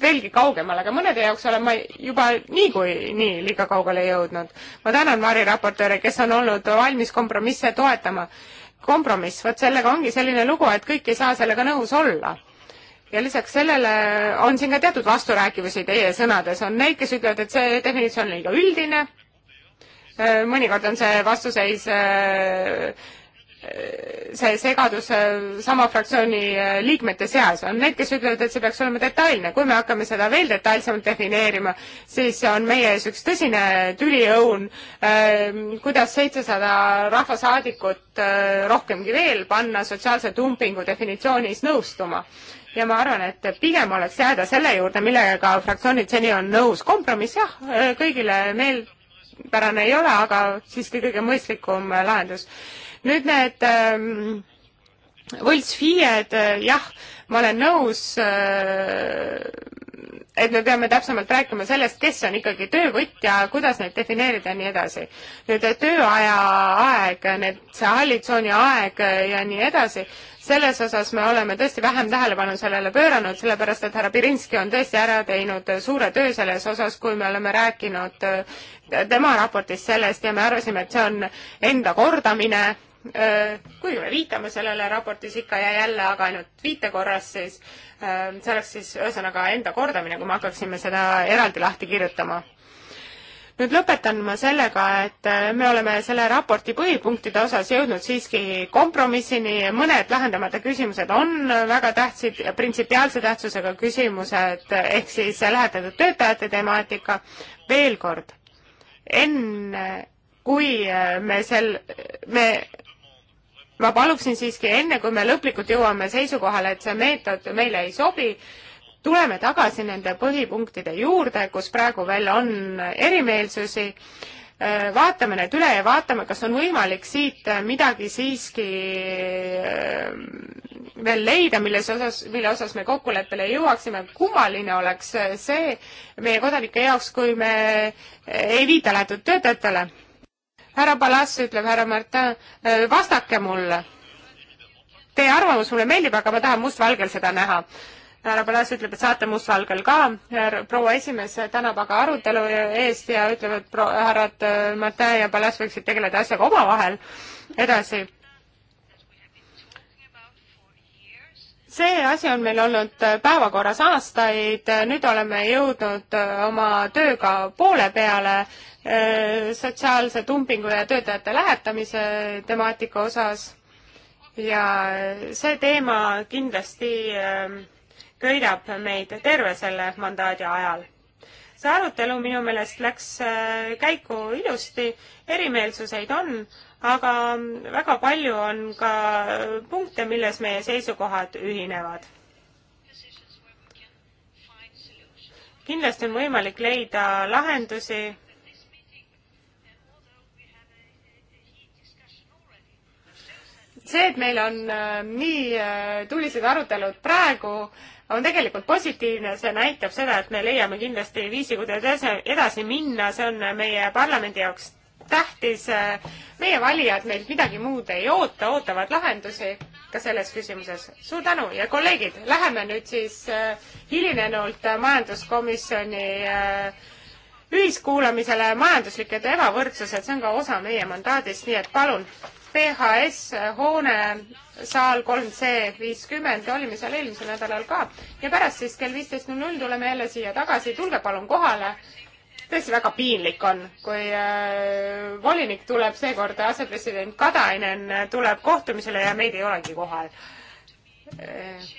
B: veelgi kaugemale, aga mõnede jaoks olen ma juba niikuinii nii liiga kaugele jõudnud. ma tänan variraportööre, kes on olnud valmis kompromisse toetama. kompromiss, vot sellega ongi selline lugu, et kõik ei saa sellega nõus olla ja lisaks sellele on siin ka teatud vasturääkivusi teie sõnades, on neid, kes ütlevad, et see definitsioon on liiga üldine, äh, mõnikord on see vastuseis see segadus äh, sama fraktsiooni äh, liikmete seas. on need, kes ütlevad, et see peaks olema detailne. kui me hakkame seda veel detailsemalt defineerima, siis on meie ees üks tõsine tüliõun, ähm, kuidas seitsesada rahvasaadikut äh, rohkemgi veel panna sotsiaalse dumpingu definitsioonis nõustuma ja ma arvan, et pigem oleks jääda selle juurde, millega fraktsioonid seni on nõus. kompromiss jah, kõigile meelpärane ei ole, aga siiski kõige mõistlikum lahendus nüüd need ähm, võltsfiied, äh, jah, ma olen nõus äh, et me peame täpsemalt rääkima sellest, kes on ikkagi töövõtja, kuidas neid defineerida ja nii edasi. nüüd äh, tööaja aeg, need, see halli tsooni aeg äh, ja nii edasi, selles osas me oleme tõesti vähem tähelepanu sellele pööranud, sellepärast et härra Pirinski on tõesti ära teinud suure töö selles osas, kui me oleme rääkinud tema raportis sellest ja me arvasime, et see on enda kordamine Äh, kuigi me viitame sellele raportis ikka ja jälle, aga ainult viite korras, siis äh, see oleks siis ühesõnaga enda kordamine, kui me hakkaksime seda eraldi lahti kirjutama. nüüd lõpetan ma sellega, et äh, me oleme selle raporti põhipunktide osas jõudnud siiski kompromissini, mõned lahendamata küsimused on väga tähtsad ja printsipiaalse tähtsusega küsimused, ehk siis lähetatud töötajate temaatika, veel kord, enne kui me sel, me ma paluksin siiski, enne kui me lõplikult jõuame seisukohale, et see meetod meile ei sobi, tuleme tagasi nende põhipunktide juurde, kus praegu veel on erimeelsusi, äh, vaatame need üle ja vaatame, kas on võimalik siit midagi siiski äh, veel leida, milles osas, mille osas me kokkuleppele jõuaksime. kummaline oleks see meie kodanike jaoks, kui me ei viita lähetud töötajatele härra Palass, ütleb härra Martin, äh, vastake mulle. Teie arvamus mulle meeldib, aga ma tahan mustvalgel seda näha. härra Palass ütleb, et saate mustvalgel ka. proua esimees tänab aga arutelu eest ja ütleb, et härrad äh, Martin ja Palass võiksid tegeleda asjaga omavahel edasi see asi on meil olnud päevakorras aastaid, nüüd oleme jõudnud äh, oma tööga poole peale äh, sotsiaalse dumpingu ja töötajate lähetamise temaatika osas ja äh, see teema kindlasti ähm, köidab meid terve selle mandaadi ajal. see arutelu minu meelest läks käiku ilusti, erimeelsuseid on, aga väga palju on ka punkte, milles meie seisukohad ühinevad. kindlasti on võimalik leida lahendusi see, et meil on äh, nii äh, tulised arutelud praegu, on tegelikult positiivne, see näitab seda, et me leiame kindlasti viisi, kuidas edasi minna, see on äh, meie parlamendi jaoks tähtis. Eh, meie valijad meilt midagi muud ei oota, ootavad lahendusi ka selles küsimuses. suur tänu ja kolleegid, läheme nüüd siis eh, hilinenult eh, majanduskomisjoni ühiskuulamisele majanduslikud ebavõrdsused, see on ka osa meie mandaadist, nii et palun. PHS hoone saal kolm C viiskümmend, olime seal eelmisel nädalal ka ja pärast siis kell viisteist null null tuleme jälle siia tagasi, tulge palun kohale tõesti väga piinlik on, kui äh, volinik tuleb seekord, asepresident
A: Katainen äh, tuleb kohtumisele ja meid ei olegi kohal äh,